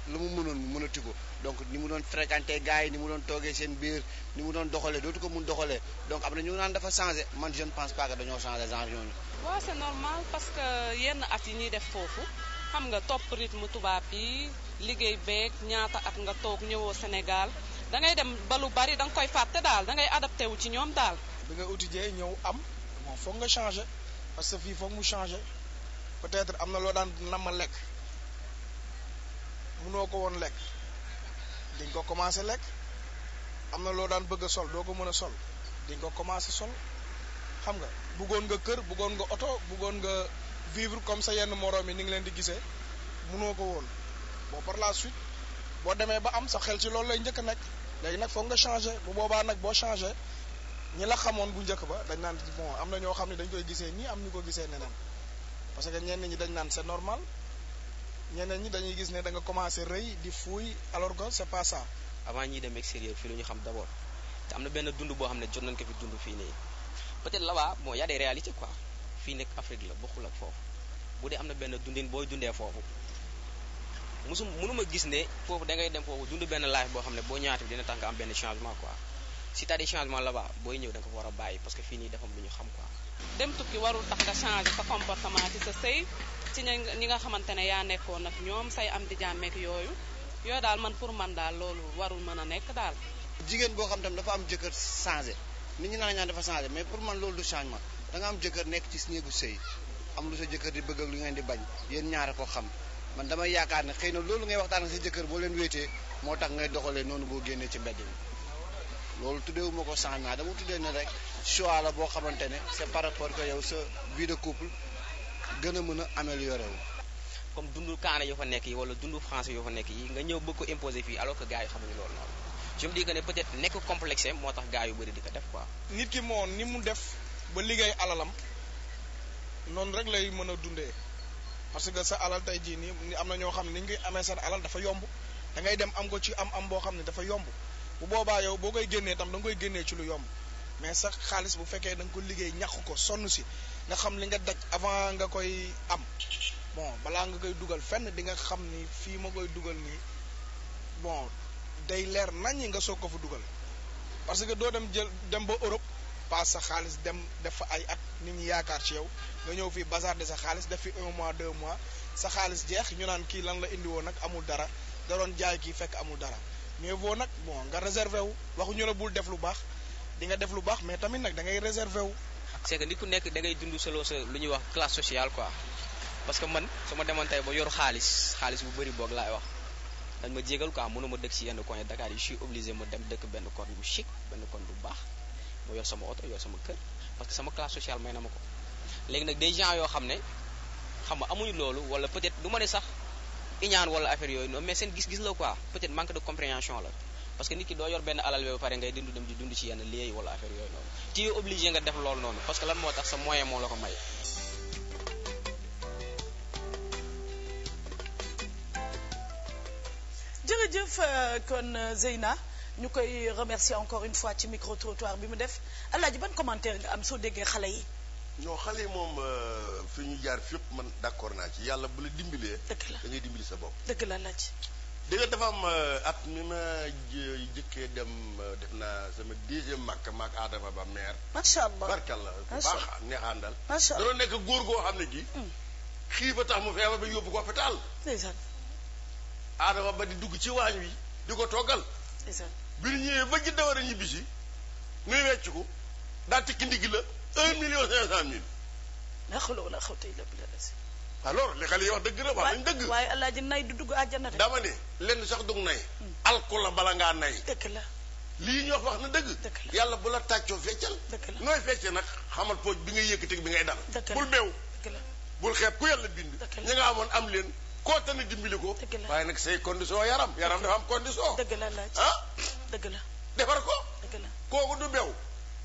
lu mu mënoon mënati ko donc ni mu doon fréquenté gars yi ni mu doon toogee seen biir ni mu doon doxalee dootu ko mun doxalee donc am na ñu naan dafa man je pense pas que dañoo changé genre ñooñu. waaw c'est normal parce que yenn at yi ñuy def foofu xam nga topp rythme tubaab yi liggéey beeg ñaata at nga toog ñëwoo Sénégal da ngay dem ba lu bari da nga koy fàtte daal da ngay adapté wu ci ñoom daal. bi nga ñëw am bon foog nga changé parce que fii foog mu changé peut-être am na loo daan nama lekk munoo ko woon lekk. diñ ko commencé lekk am na loo daan bëgg a sol doo ko mën a sol diñ ko commencé sol xam nga bëggoon nga kër buggoon nga oto buggoon nga vivre comme sa yenn moroom yi ni ngi leen di gisee mënoo ko woon boo par la suite boo demee ba am sa xel si loolu lay njëkk nekk léegi nag foog nga changé bu boobaa nag boo changé ñi la xamoon bu njëkk ba dañ naan bon am na ñoo xam ne dañ koy gisee nii am ñu ko gisee neneen parce que ñenn ñi dañ naan c'est normal ñeneen ñi dañuy gis ne danga nga commencé rëy di fuuy alors que c'est pas avant ñuy dem extérieur fii lu ñu xam d'abord te am na benn dund boo xam ne jot nañ ko fi dund fii nii peut-être là-bas bon quoi fii nekk Afrique la bokkul ak foofu bu dee am na benn dundin booy dundee foofu musu mënuma gis ne foofu da ngay dem foofu dund benn life boo xam ne boo ñaata dina tax nga am benn changement quoi si t'as des changements booy ñëw da nga ko war a bàyyi parce que fii nii dafa am ñu xam quoi. dem tukki warul tax nga changer sa comportement ci sa sëy ci ñi nga xamante ne yaa nekkoon nag ñoom say am di jàmmeek yooyu yooyu daal man pour man daal loolu warul mën a nekk daal. jigéen boo xam tam dafa am jëkkër changé nit ñi naan ñaan dafa changé mais pour man loolu du changement da nga am jëkkër nekk ci néegu sëy am lu sa jëkkër di bëgg ak lu ngeen di bañ yéen ñaare ko xam man damay yaakaar ne xëy na loolu ngay waxtaan ak sa jëkkër boo leen wéetee moo tax ngay doxalee noonu boo génnee ci mbedd loolu tuddeewu ma ko changement dama tuddee ne rek choix la boo xamante ne c'est par rapport que yow sa vie de gën a mën a amélioré wu comme dundu kaane yoo fa nekk yi wala dundu français yoo fa nekk yi nga ñëw bëgg ko imposer fii alors que gars yi xamuñu loolu noonu je me dis que ne peut-être nekk complexe moo tax gars yu bëri di ko def quoi nit ki moo ni mu def ba liggéey alalam noonu rek lay mën a dundee parce que sa alal tey jii nii am na ñoo xam ne ni ñu koy amee seen alal dafa yomb dangay ngay dem am ko ci am am boo xam ne dafa yomb bu boobaa yow boo koy génnee tam da nga koy génnee ci lu yomb mais sax xaalis bu fekkee da ko liggéey ñàkk ko sonn si nga xam li nga daj avant nga koy am bon balaa nga koy dugal fenn di nga xam ni fii ma koy dugal nii bon day leer naññi nga soog ko fa dugal parce que doo dem jël dem ba Europe paas sa xaalis dem def fa ay at nit ñi yaakaar ci yow nga ñëw fii bazarder sa xaalis def fi un mois deux mois sa xaalis jeex ñu naan kii lan la indi woon nag amul dara da doon jaay kii fekk amul dara mais vaut nag bon nga réservé wu waxuñu la bul def lu baax di nga def lu baax mais tamit nag da ngay wu. c'est que ni ku nekk dangay ngay dund selon sa lu ñuy wax classe sociale quoi parce que man su ma demoon tey ba yor xaalis xaalis bu bari boog laay wax dañ ma jégal quoi mënuma dëkk si yenn coin Dakar yi je suis obligé ma dem dëkk benn koñ bu chic benn koñ bu baax ma yor sama oto yor sama kër parce que sama classe sociale may na ma ko léegi nag des gens yoo xam ne xam nga amuñu loolu wala peut-être du ma ne sax iñaan wala affaire yooyu noonu mais seen gis-gis la quoi parce que nit ki doo yor benn alal bi ba pare ngay dund dem di dund ci yenn liey wala affaire yooyu noonu tu es obligé nga def lool noonu parce que lan moo tax sa moyen moo la ko may jërëjëf euh, kon euh, Zeyna ñu koy remercier encore une fois ci micro trottoir bi mu def Alaaji ban commentaire nga am soo déggee xale yi ñoo xale yi moom euh, fi ñu jaar fépp man d'accord naa ci yàlla bu la dimbalee dëgg la da ngay sa bopp dëgg la Alaaji dëgg la dafa am euh, at mi ma jëkkee dem euh, def na sama dixième Makka maak Adama Ba maire. macha allah barkallah bu baax neexaan daal. dana nekk góor goo xam ne gi mm. xii a tax mu feebar ba yóbbu ko hôpital. Adama Ba di dugg ci waañ wi di ko toggal. bi ñu ñëwee ba dawara ñibbi si wecc ko daa tikki ndigg la million cinq cent mille. ndax loolu la xaw tey la bi la alors li xale yi wax dëgg la wax nañ dëgg waaye alaaji nay du dugg àjjana dama ne lenn sax dug nay alku la bala ngaa nay dëgg la lii ñu wax wax na dëgg yàlla bu la tàccoo feccal nooy fecce nag xamal pooj bi ngay yëkkati bi ngay dal bul beew bul xeeb ku yàlla bind ña nga amoon am leen koo tane dimbali ko waaye nag say condition yaram yaram dafa am condition dëgg la laaj ah dëgg defar ko dëgg kooku du beew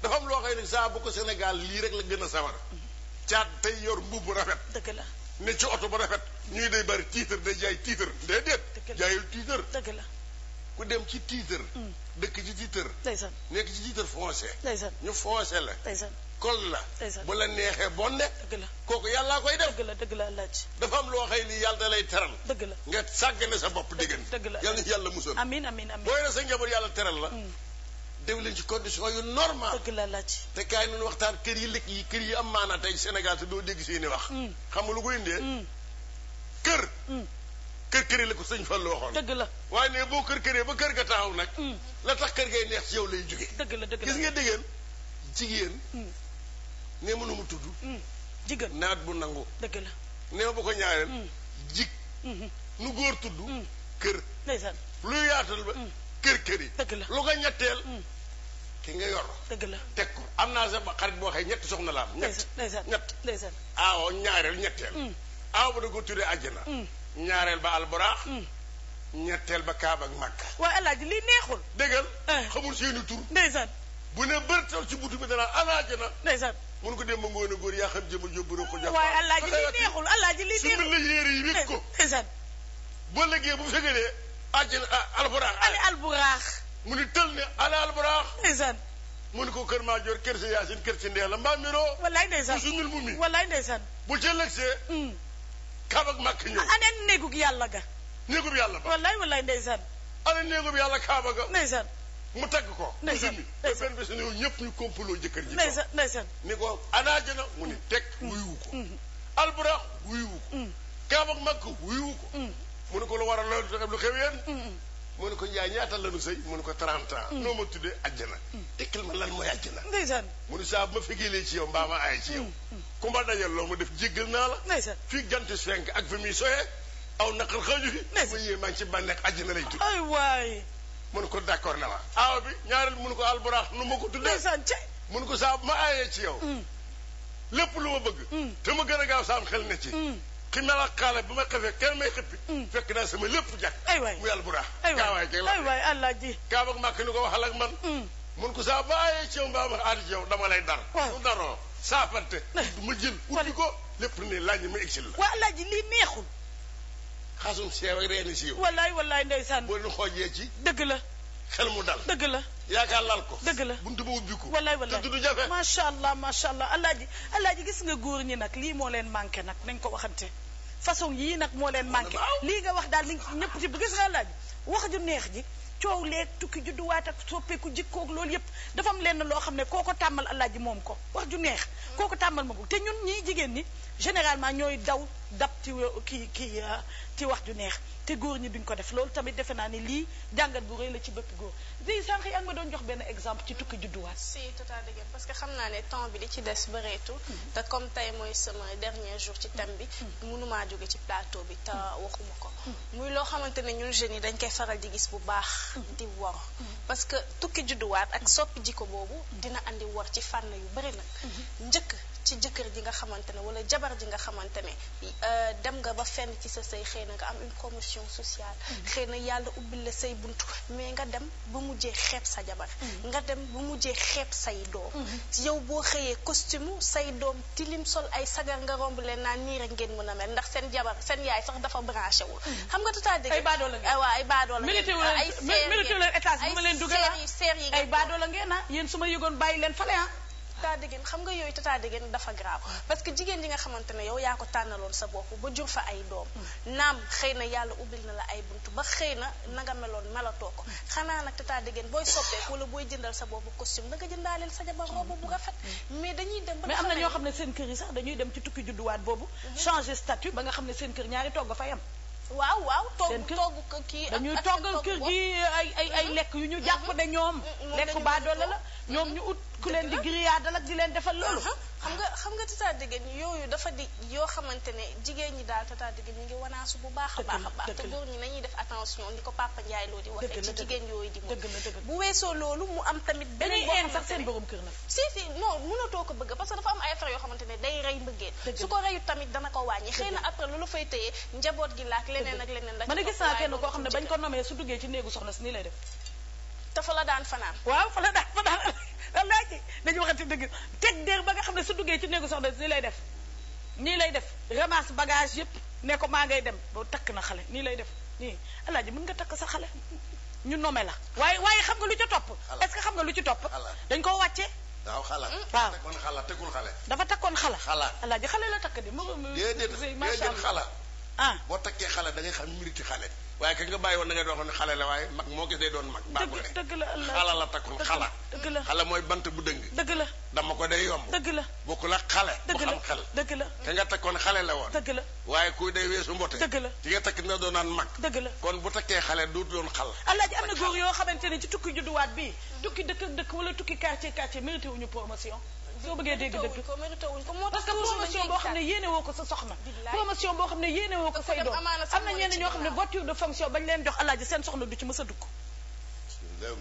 dafa am loo xëy nag saa bu ko Sénégal lii rek la gën a sawar caat tey yor mbubb rafet dëgg ne ci oto ba rafet ñuy day bari titre day jaay titre déedéet jaayul titre dëgg la ku dem ci titre mm. dëkk ci titre ndeysaan nekk ci titre foncé ndeysaan ñu foncé la ndeysaan kol la bu la neexee bonde dëgg la kooku yàllaa koy def dëgg la dëgg la laaj dafa am loo xëy lii yàlla da lay teral dëgg la nga sàggane sa bopp diggante dëgg la yàlla yàlla musal amiin amiin amiin booy na sa njaboot yàlla teral la mm. teew leen ci condition yu normal dëgg la laaj te kaay nañu waxtaan kër yi lëkk yi kër yi am maanaa tey Sénégal te doo dégg seeni wax mm. xam nga lu ko indee mm. Mm. kër kër yi la ko sëñ Fall waxoon dëgg la waaye ne boo kër këree ba kër ga taxaw nag la tax kër gay neex ci yow lay jóge dëgg la dëgg gis nga déggeen jigéen ne mënu mu tudd jigéen naat bu nangu dëgg la ne ma ba ko ñaareel jig mm-hmm. nu góor tudd kër luy yaatal ba kër kër yi lu ko ñetteel ki nga yor. dëgg la teg ko am naa sa xarit boo xëy ñetti soxna la am. ñett ñett ndeysaan aawoo ñaareel ñetteel. Mm. aaw ba da ko tuddee àjjana. Mm. ñaareel ba alboraax. Mm. ñetteel ba Kaaba ak Makka. waaye El Hadj lii neexul. dëggal eh. xamul seeni tur. ndeysaan bu ne bërtal ci buntu bi danaa alaajana. ndeysaan mun ko dem ba ngoone góor yaa xam jëmal yóbbu na ko. jàpp waaye El Hadj lii neexul El Hadj neexul su mel ne yéere yi wékk ko. ndeysaan boo lëggee bu fekkee ne mu ni tël ne alaal baraax ndeysaan mu ni ko kër maa joor kër si yaasin kër si ndee la mbaa miroo wallaay ndeysaan su mu mi wallaay ndeysaan bu ca lëgsee aneen néegub yàlla ga néegub yàlla ba wallaay wallaay ndeysaan aneen néegub yàlla kaaba ga ndeysaan mu tagg ko ndeysaan benn ni ko anaajana mu ni teg mm. wuyuwu ko mm. alburaax wuyuwu ko mm. kaab ak màkk wuyuwu mu ni ko lu war a loolu lu xew mu ko njaay ñaata lanu sëy mu ko 30 ans. Mm. noo ma tuddee àjjana. Mm. tekkil ma lan mooy àjjana. ndeysaan mu ne saa bu ma fegeelee ci yow mbaa ma aay ci yow. Mm. ku dajal loo ma def jéggal naa la. ndeysaan fii ganti fenk ak fi muy soyee aw naqar xaju fi. ndeysaan ma yee maa ngi ci bànneex àjjana lay tudd. ay waay. mu ko d'accord na ma. aaw bi ñaareel mu ne ko alburaax nu ma ko tuddee. ndeysaan ci. mu ko saa bu ma aayee ci yow. lépp lu ma bëgg. te ma gën a gaaw saam xel ne ki melakaale bu ma xefee kenn may xëppi mm. fekk naa sama lépp jàkk ay waay mu yàlla bu raax gaawaay jeg ay waay allah ji kaa bag màkk ni ko waxal ak man mm. mun ko saa bàyyee ci yow mbaa ma ci yow dama lay dar mu daroo saafante ma jël ubbi ko lépp ni laaj ma exil la waa allah ji lii neexul xasum seew ak reeni siiw wallaay wallaay ndeysaan boo leen xoojee ci dëgg la xel mu dal dëgg la yaakaar laal ko dëgg la buntu ba ubbiku wallaay wallaay te du jafe macha allah macha nga góor ñi nag lii moo leen manqué nag nañ ko waxante façon yii nag moo leen manqué lii nga wax daal li ñëpp ci bu gis nga laaj wax ju neex ji coow leeg tukki judduwaat ak soppeeku jikkoog loolu yëpp dafa am lenn loo xam ne kooko tàmmal alaaji moom ko wax ju neex kooko tàmbal ma ko te ñun ñii jigéen ñi généralement ñooy daw dab ci kii kii ci wax ju neex te góor ñi duñ ko def loolu tamit defe naa ne lii jàngat bu rëy la ci bët góor di sànq yi am ma doon jox benn exemple ci tukki judduwaat. si tout à fait parce que xam naa ne temps bi di ci des bëreetu. Hmm. te comme tey mooy sama dernier jour ci thème bi. Hmm. Hmm. mënumaa jóge ci plateau bi te waxuma ko. muy loo xamante ne ñun jeunes yi dañ koy faral di gis bu baax. di wor parce que tukki judduwaat ak soppi jikko boobu dina indi wor ci fànn yu bëri nag. njëkk. ci jëkkër ji nga xamante ne wala jabar ji nga xamante ne euh, dem nga ba fenn ci sa sëy xëy na nga am une promotion sociale mm. xëy na yàlla ubbil la say bunt mais nga dem ba mujjee xeeb sa jabar mm. nga dem ba mujjee xeeb say doom mm. yow boo xëyee costume say doom tilim sol ay sagar nga romb leen naan nii rek ngeen mën a mel ndax seen jabar seen yaay sax dafa branché wul xam nga tout à fait ay baadoo la ngeen ah waaw ay baadoo la ngeen ay seer la seer yi seer yi ngeen ah. yéen su ma yëgoon bàyyi leen ah. tata dégéen xam nga yooyu tata dégéen dafa grave parce que jigéen ji nga xamante ne yow yaa ko tànnaloon sa bopp ba jur fa ay doom naam xëy na yàlla ubbil na la ay buntu ba xëy na nanga meloon melatoo ko xanaa nag tata dégéen booy soppeeku wala booy jëndal sa bopp costume da jëndaaleel sa jabar robe bu rafet mais dañuy dem ba mais na seen kër yi sax dañuy dem ci tukki judduwaat boobu mhm. changer statut ba nga xam ne seen kër ñaari togg fa yam waaw waaw togg ku leen di grillade ak di leen defal loolu. xam nga xam nga tata Degene yooyu dafa di yoo xamante ne jigéen ñi daal tata Degene ñu ngi wanaasu bu baax a baax a baax te góor ñi nañuy def attention ni ko papa Ndiaye loo di waxee ci jigéen yooyu di moom bu weesoo loolu mu am tamit beneen boo sax seen borom kër nag si si non mënatoo ko bëgg parce que dafa am ay affaire yoo xamante ne day rey mbëggeel su ko reyut tamit dana ko wàññi xëy na après loolu la a fa la wallaahi dañu waxante dëgg teg déer ba nga xam ne su duggee ci néegu soxna nii lay def nii lay def ramasse bagage yëpp ne ko maa ngay dem boo takk na xale nii lay def nii alaaji mën nga takk sa xale ñu nome la waaye waaye xam nga lu ci topp est-ce xam nga lu ci topp dañ koo wàcce daaw xala waaw takkoon xala tegul xale dafa takkoon xala alaaji xale la takk di mu déedéet xala ah boo takkee xale da ngay xam mérite xale waaye kañ nga bàyyi woon da ngay doon xale la waaye mag moo gis day doon mag mbaa gone dëgg la xala la takkul xala dëgg la xala mooy bant bu dëng dëgg la dama ko day yomb dëgg la bokkul la xale bu xam xel dëgg la ka nga takkoon xale la woon dëgg la waaye kuy day weesu mbote dëgg la ki nga takk dina doon naan mag dëgg la kon bu takkee xale du doon xal alaaji am na góor yoo xamante ni ci tukki judduwaat bi tukki dëkk dëkk wala tukki quartier quartier mérité wuñu promotion soo bëggee dégg dëgg parce que promotion boo xam ne yéene woo ko sa soxna promotion boo xam ne yéene woo ko say doom am na ñenn ñoo xam ne voiture de fonction bañ leen jox alaaji seen soxna du ci mës a dugg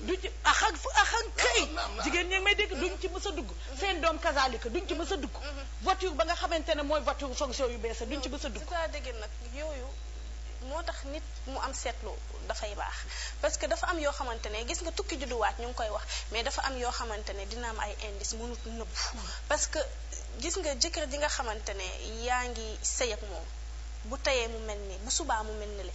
du ci axan axan kay jigéen ñi ngi may dégg duñ ci mës a dugg mm-hmm. seen doom kazalika duñ ci mës a dugg mm-hmm. voiture ba nga xamante ne mooy voiture fonction yu bees duñ ci mës a dugg moo tax nit mu am seetlu dafay baax parce que dafa am yoo xamante ne gis nga tukki judduwaat ñu ngi koy wax mais dafa am yoo xamante ne dina am ay indice mënut nëbb parce que gis nga jëkkër ji nga xamante ne yaa ngi sëy moom bu teyee mu mel ni bu subaa mu mel ni le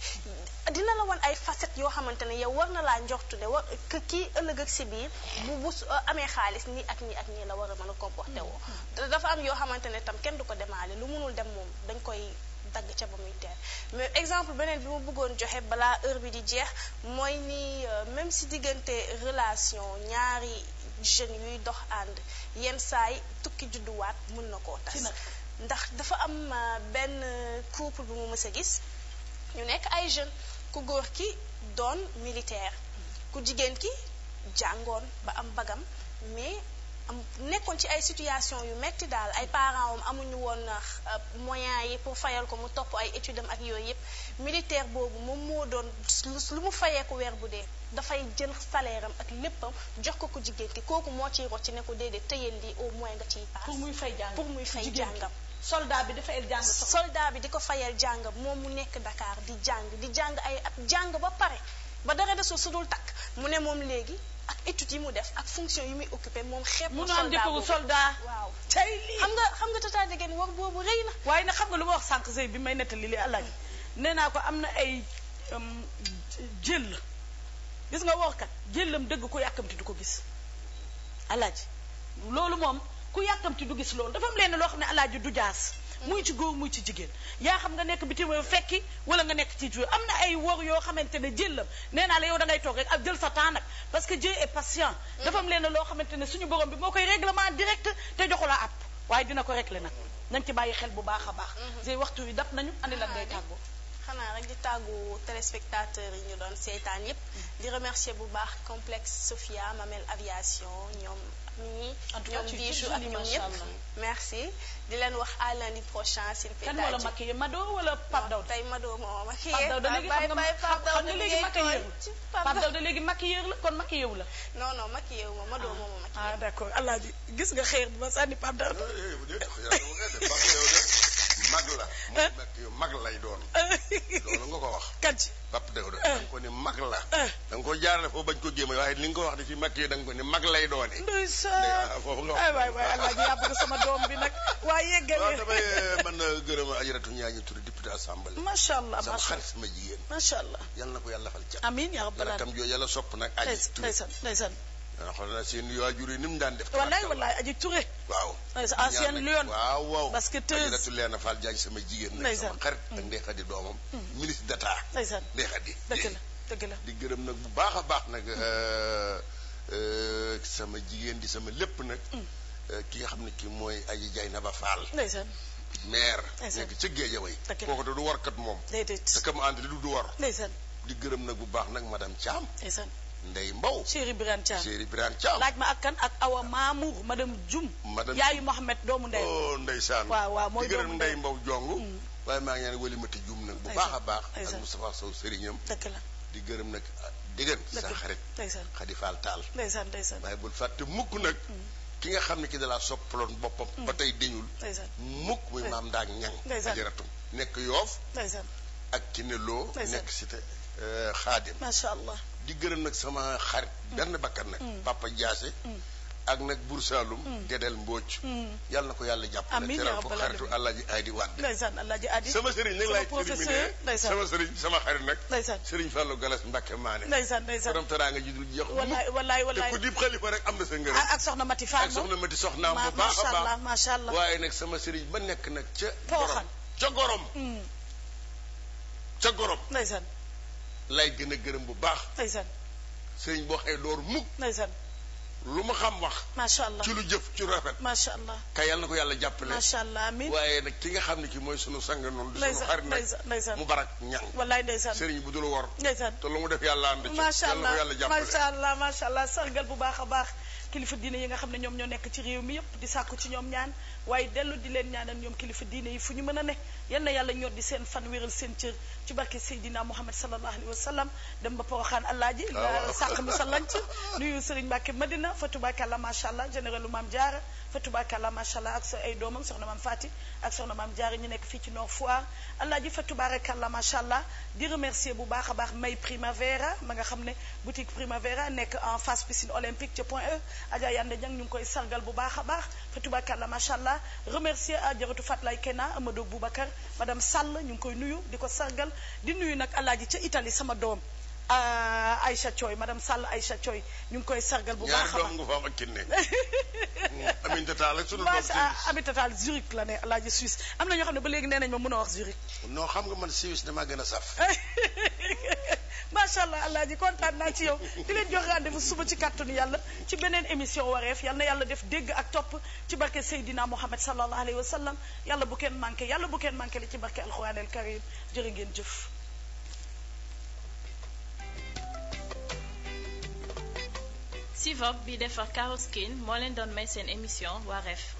dina ay facette yoo xamante ne yow war na laa njortu ne war kii ëllëg ak si biir bu euh, amee xaalis nii ak nii ak nii la war a mën a comporté woo mm-hmm. dafa am yoo xamante ne tam kenn du ko demaale lu mënul dem moom dañ koy dagg ca ba muy teel mais exemple beneen bi ma bëggoon joxe balaa heure bi di jeex mooy ni euh, même si diggante relation ñaari jeunes yuy dox ànd yenn saay tukki judduwaat mun na koo tas ndax dafa am euh, benn couple bu mu mës gis ñu nekk ay jeunes ku góor ki doon militaire ku jigéen ki jàngoon ba am bagam mais nekkoon ci ay situation yu metti daal ay parent am amuñu woon euh, moyens yi pour fayal ko mu topp ay études ak yooyu yëpp militaire boobu moom moo doon lu mu fayee ko weer bu dee dafay jën salaire am ak léppam jox ko ko jigéen ki kooku moo ci ciy ci nekku ko déedéet tëyel lii au moins nga ciy paas pour muy fay jàngam pour muy fay jàngam soldat bi di fayal jàng soldat bi di ko fayal jàngam moom mu nekk dakaar di jàng di jàng ay ab jàng ba pare ba dara desul su dul takk mu ne moom léegi ak études yi mu def ak fonction yi muy occupé moom xeeb mu am jëkkëru soldat waaw tey lii xam nga xam nga tata Ndege war boobu rëy na waaye nag xam nga lu ma wax sànq sëy bi may nettali li àllaaj nee naa ko am na ay um, jël gis nga workat jëllam dëgg ku yàkkamti du ko gis allaaj loolu moom ku yàkkamti du gis loolu dafa am leen loo xam ne àllaaj du jaas muy ci góor muy ci jigéen yaa xam nga nekk bitim réew fekki wala nga nekk ci jur am na ay wor yoo xamante ne jëllam nee naa la yow da ngay toog rek ak jël sa temps nag parce que Dieu est patient mm-hmm. dafa am leen loo xamante ne suñu borom bi moo koy règlement direct te joxula app waaye dina ko régler nag nañ ci bàyyi xel bu baax a baax mm-hmm. jey waxtu yi dab nañu andi lan ngay ah, tàggoo xanaa rek di tàggu spectateur yi ñu doon seetaan yépp mm-hmm. di remercier bu baax complexe Sophia Mamel Aviation ñoom ñi mmh. en tout cas tu fais joli macha allah merci di leen wax à lundi prochain s'il peut. kan moo la maquillé Mado wala Pape Daw. tey Mado moo maquillé Pape Daw léegi xam nga léegi maquilleur la Pape Daw léegi maquilleur la kon maquillé wu la. non non maquillé wu ma Mado moo ma maquillé. ah d'accord Alaaji gis nga xeer bi ma sànni Pape Daw. Eh, eh, mag la mu eh? mag lay doon eh? loolu nga ko wax. <laughs> kan ci Pape Daouda eh? da nga ko ni mag la. ko foofu bañ ko jéem waaye li nga ko wax di ci mag yi da ko ni mag lay doone. ndeysaan ah, foofu nga wax ay waay waay allah ji yaa bëgg sama doom bi nag. waaye yeggale waaw damay man gërëm ajaratu ñaañu turi député assemblée. macha allah sama ma jigéen. macha allah yal na ko yàlla fal ca. amiin yaa rabbal aalamiin yàlla tam jooju yàlla sopp nag. aji turi ndeysaan ndeysaan ah xool naa seen waajur yi ni mu daan def. wallaay wallaay aji Touré. waaw ancienne Lyon waaw waaw. que tey aji leena Fall Diagne sama jigéen. nag sama xarit ak Ndeye Khady doomam. Hmm. ministre d'État. ndeysaan Ndeye Khady. dëgg la dëgg di gërëm nag bu baax a baax nag euh, euh, sama jigéen di sama lépp nag. Hmm. Euh, ki nga xam ne ki mooy aji Dieynaba Fall. ndeysaan. maire. nekk ca Géejawaay. dëgg la kooku de du warkat moom. déedéet te kam ànd du du war. ndeysaan di gërëm nag bu baax nag madame Thiam. ndeysaan. Ndeye Mbow. Chéri Birane Thiam Chéri Birane Thiam. laaj ma ak kan ak Awa Mamour madame Dioum. madame yaayu Mohamed doomu Ndeye Mbow. oh ndeysaan waaw waaw mooy doomu Ndeye mbaw jongu hmm. waaye maa ngi ñaan wali mati nag bu baax a baax. ak Moustapha Sow sëriñam. dëgg la di gërëm nag ah, diggante. dëgg sa xarit Xadi Faal Taal. ndeysaan ndeysaan waaye bul fàtte mukk nag. Hmm. ki nga xam ne ki dalaa soppaloon boppam. Hmm. ba tey deñul. mukk muy maam daa ñaŋ. ajaratum nekk yoof ak ki ne loo. nekk cité xaadim. Euh, macha allah. di gërëm nag sama xarit mm. benn bakkan nag mm. Papa Diassé mm. ak nag Bour Saloum Gédel Mbóoc yàlla na ko yàlla jàpp teral ko xaritu Alaaji Aydi Wàdd ndeysaan Alaaji Aydi sama sëriñ nag laay terminé ndeysaan sama sëriñ sama xarit nag ndeysaan sëriñ Fallou Galas Mbacke Maane ndeysaan ndeysaan borom teraanga ji dul jeex wallaay wallaay wallaay te ku dib xalifa rek am na sa ngërëm ah, ak soxna Mati Fall ak soxna Mati soxnaam bu baax a baax macha allah waaye nag sama sëriñ ba nekk nag ca pooxan ca gorom ca gorom ndeysaan lay gën a gërëm bu baax. ndeysaan. sëriñ boo xëy door mukk. ndeysaan. lu ma xam wax. macha allah ci lu jëf ci rafet. macha allah kay yal na ko yàlla jàppale. macha allah amiin waaye nag ki nga xam ne ki mooy sunu sang noonu. di sunu xarit nag mu barak ñaŋ. wallaay ndeysaan sëriñ bu dul wor. ndeysaan te lu mu def yàlla ànd ci. macha allah yal na ko yàlla jàppale macha allah macha allah sargal bu baax a baax. kilifa diine yi nga xam ne ñoom ñoo nekk ci réew mi yëpp di sàkku ci ñoom ñaan waaye dellu di leen ñaanal ñoom kilifa diine yi fu ñu mën a ne yenn na yàlla ñor di seen fan wéral seen cër ci barke Seydina Muhammad sallallahu alayhi wa sallam dem ba Poroxaan Alaaji sàq mi sa lanc nuyu Serigne Mbacke Madina fa la macha allah général Maam Diarra fa la macha allah ak sa ay doomam soxna maam Fati ak soxna maam jaar ñu nekk fii ci Nord Foire Alaaji fa la macha allah di remercier bu baax a baax May Primavera ma nga xam ne boutique Primavera nekk en face piscine olympique ca Point E Adja ñu ngi koy sargal bu baax a baax nekk tubaakalla macha allah a remercier ajaratu euh, Fatlay Kena Amadou Boubacar madame Sall ñu ngi koy nuyu di ko sargal di nuyu nag alaaji ci Italie sama doom euh, Aïcha Thioy madame Sall Aïcha Thioy ñu ngi koy sargal bu baax a baax nga fa am ak kinne Aminata Tall sunu doom Aminata Tall Zurich la ne alaaji Suisse am na ñoo xam ne ba léegi nee nañ ma mën a wax Zurich non xam nga man Suisse dama gën a saf <laughs> macha allah alaaji kontaan naa ci yow di jox rendez-vous suba ci kàttanu yàlla ci beneen émission wareef yal yàlla def dégg ak topp ci barke Seydina Muhammad sallallahu alayhi wa sallam yàlla bu kenn manqué yàlla bu kenn manqué li ci barke alquran al karim jërë ngeen jëf. Sivox bi defar Carol Skin moo leen doon may seen émission wareef.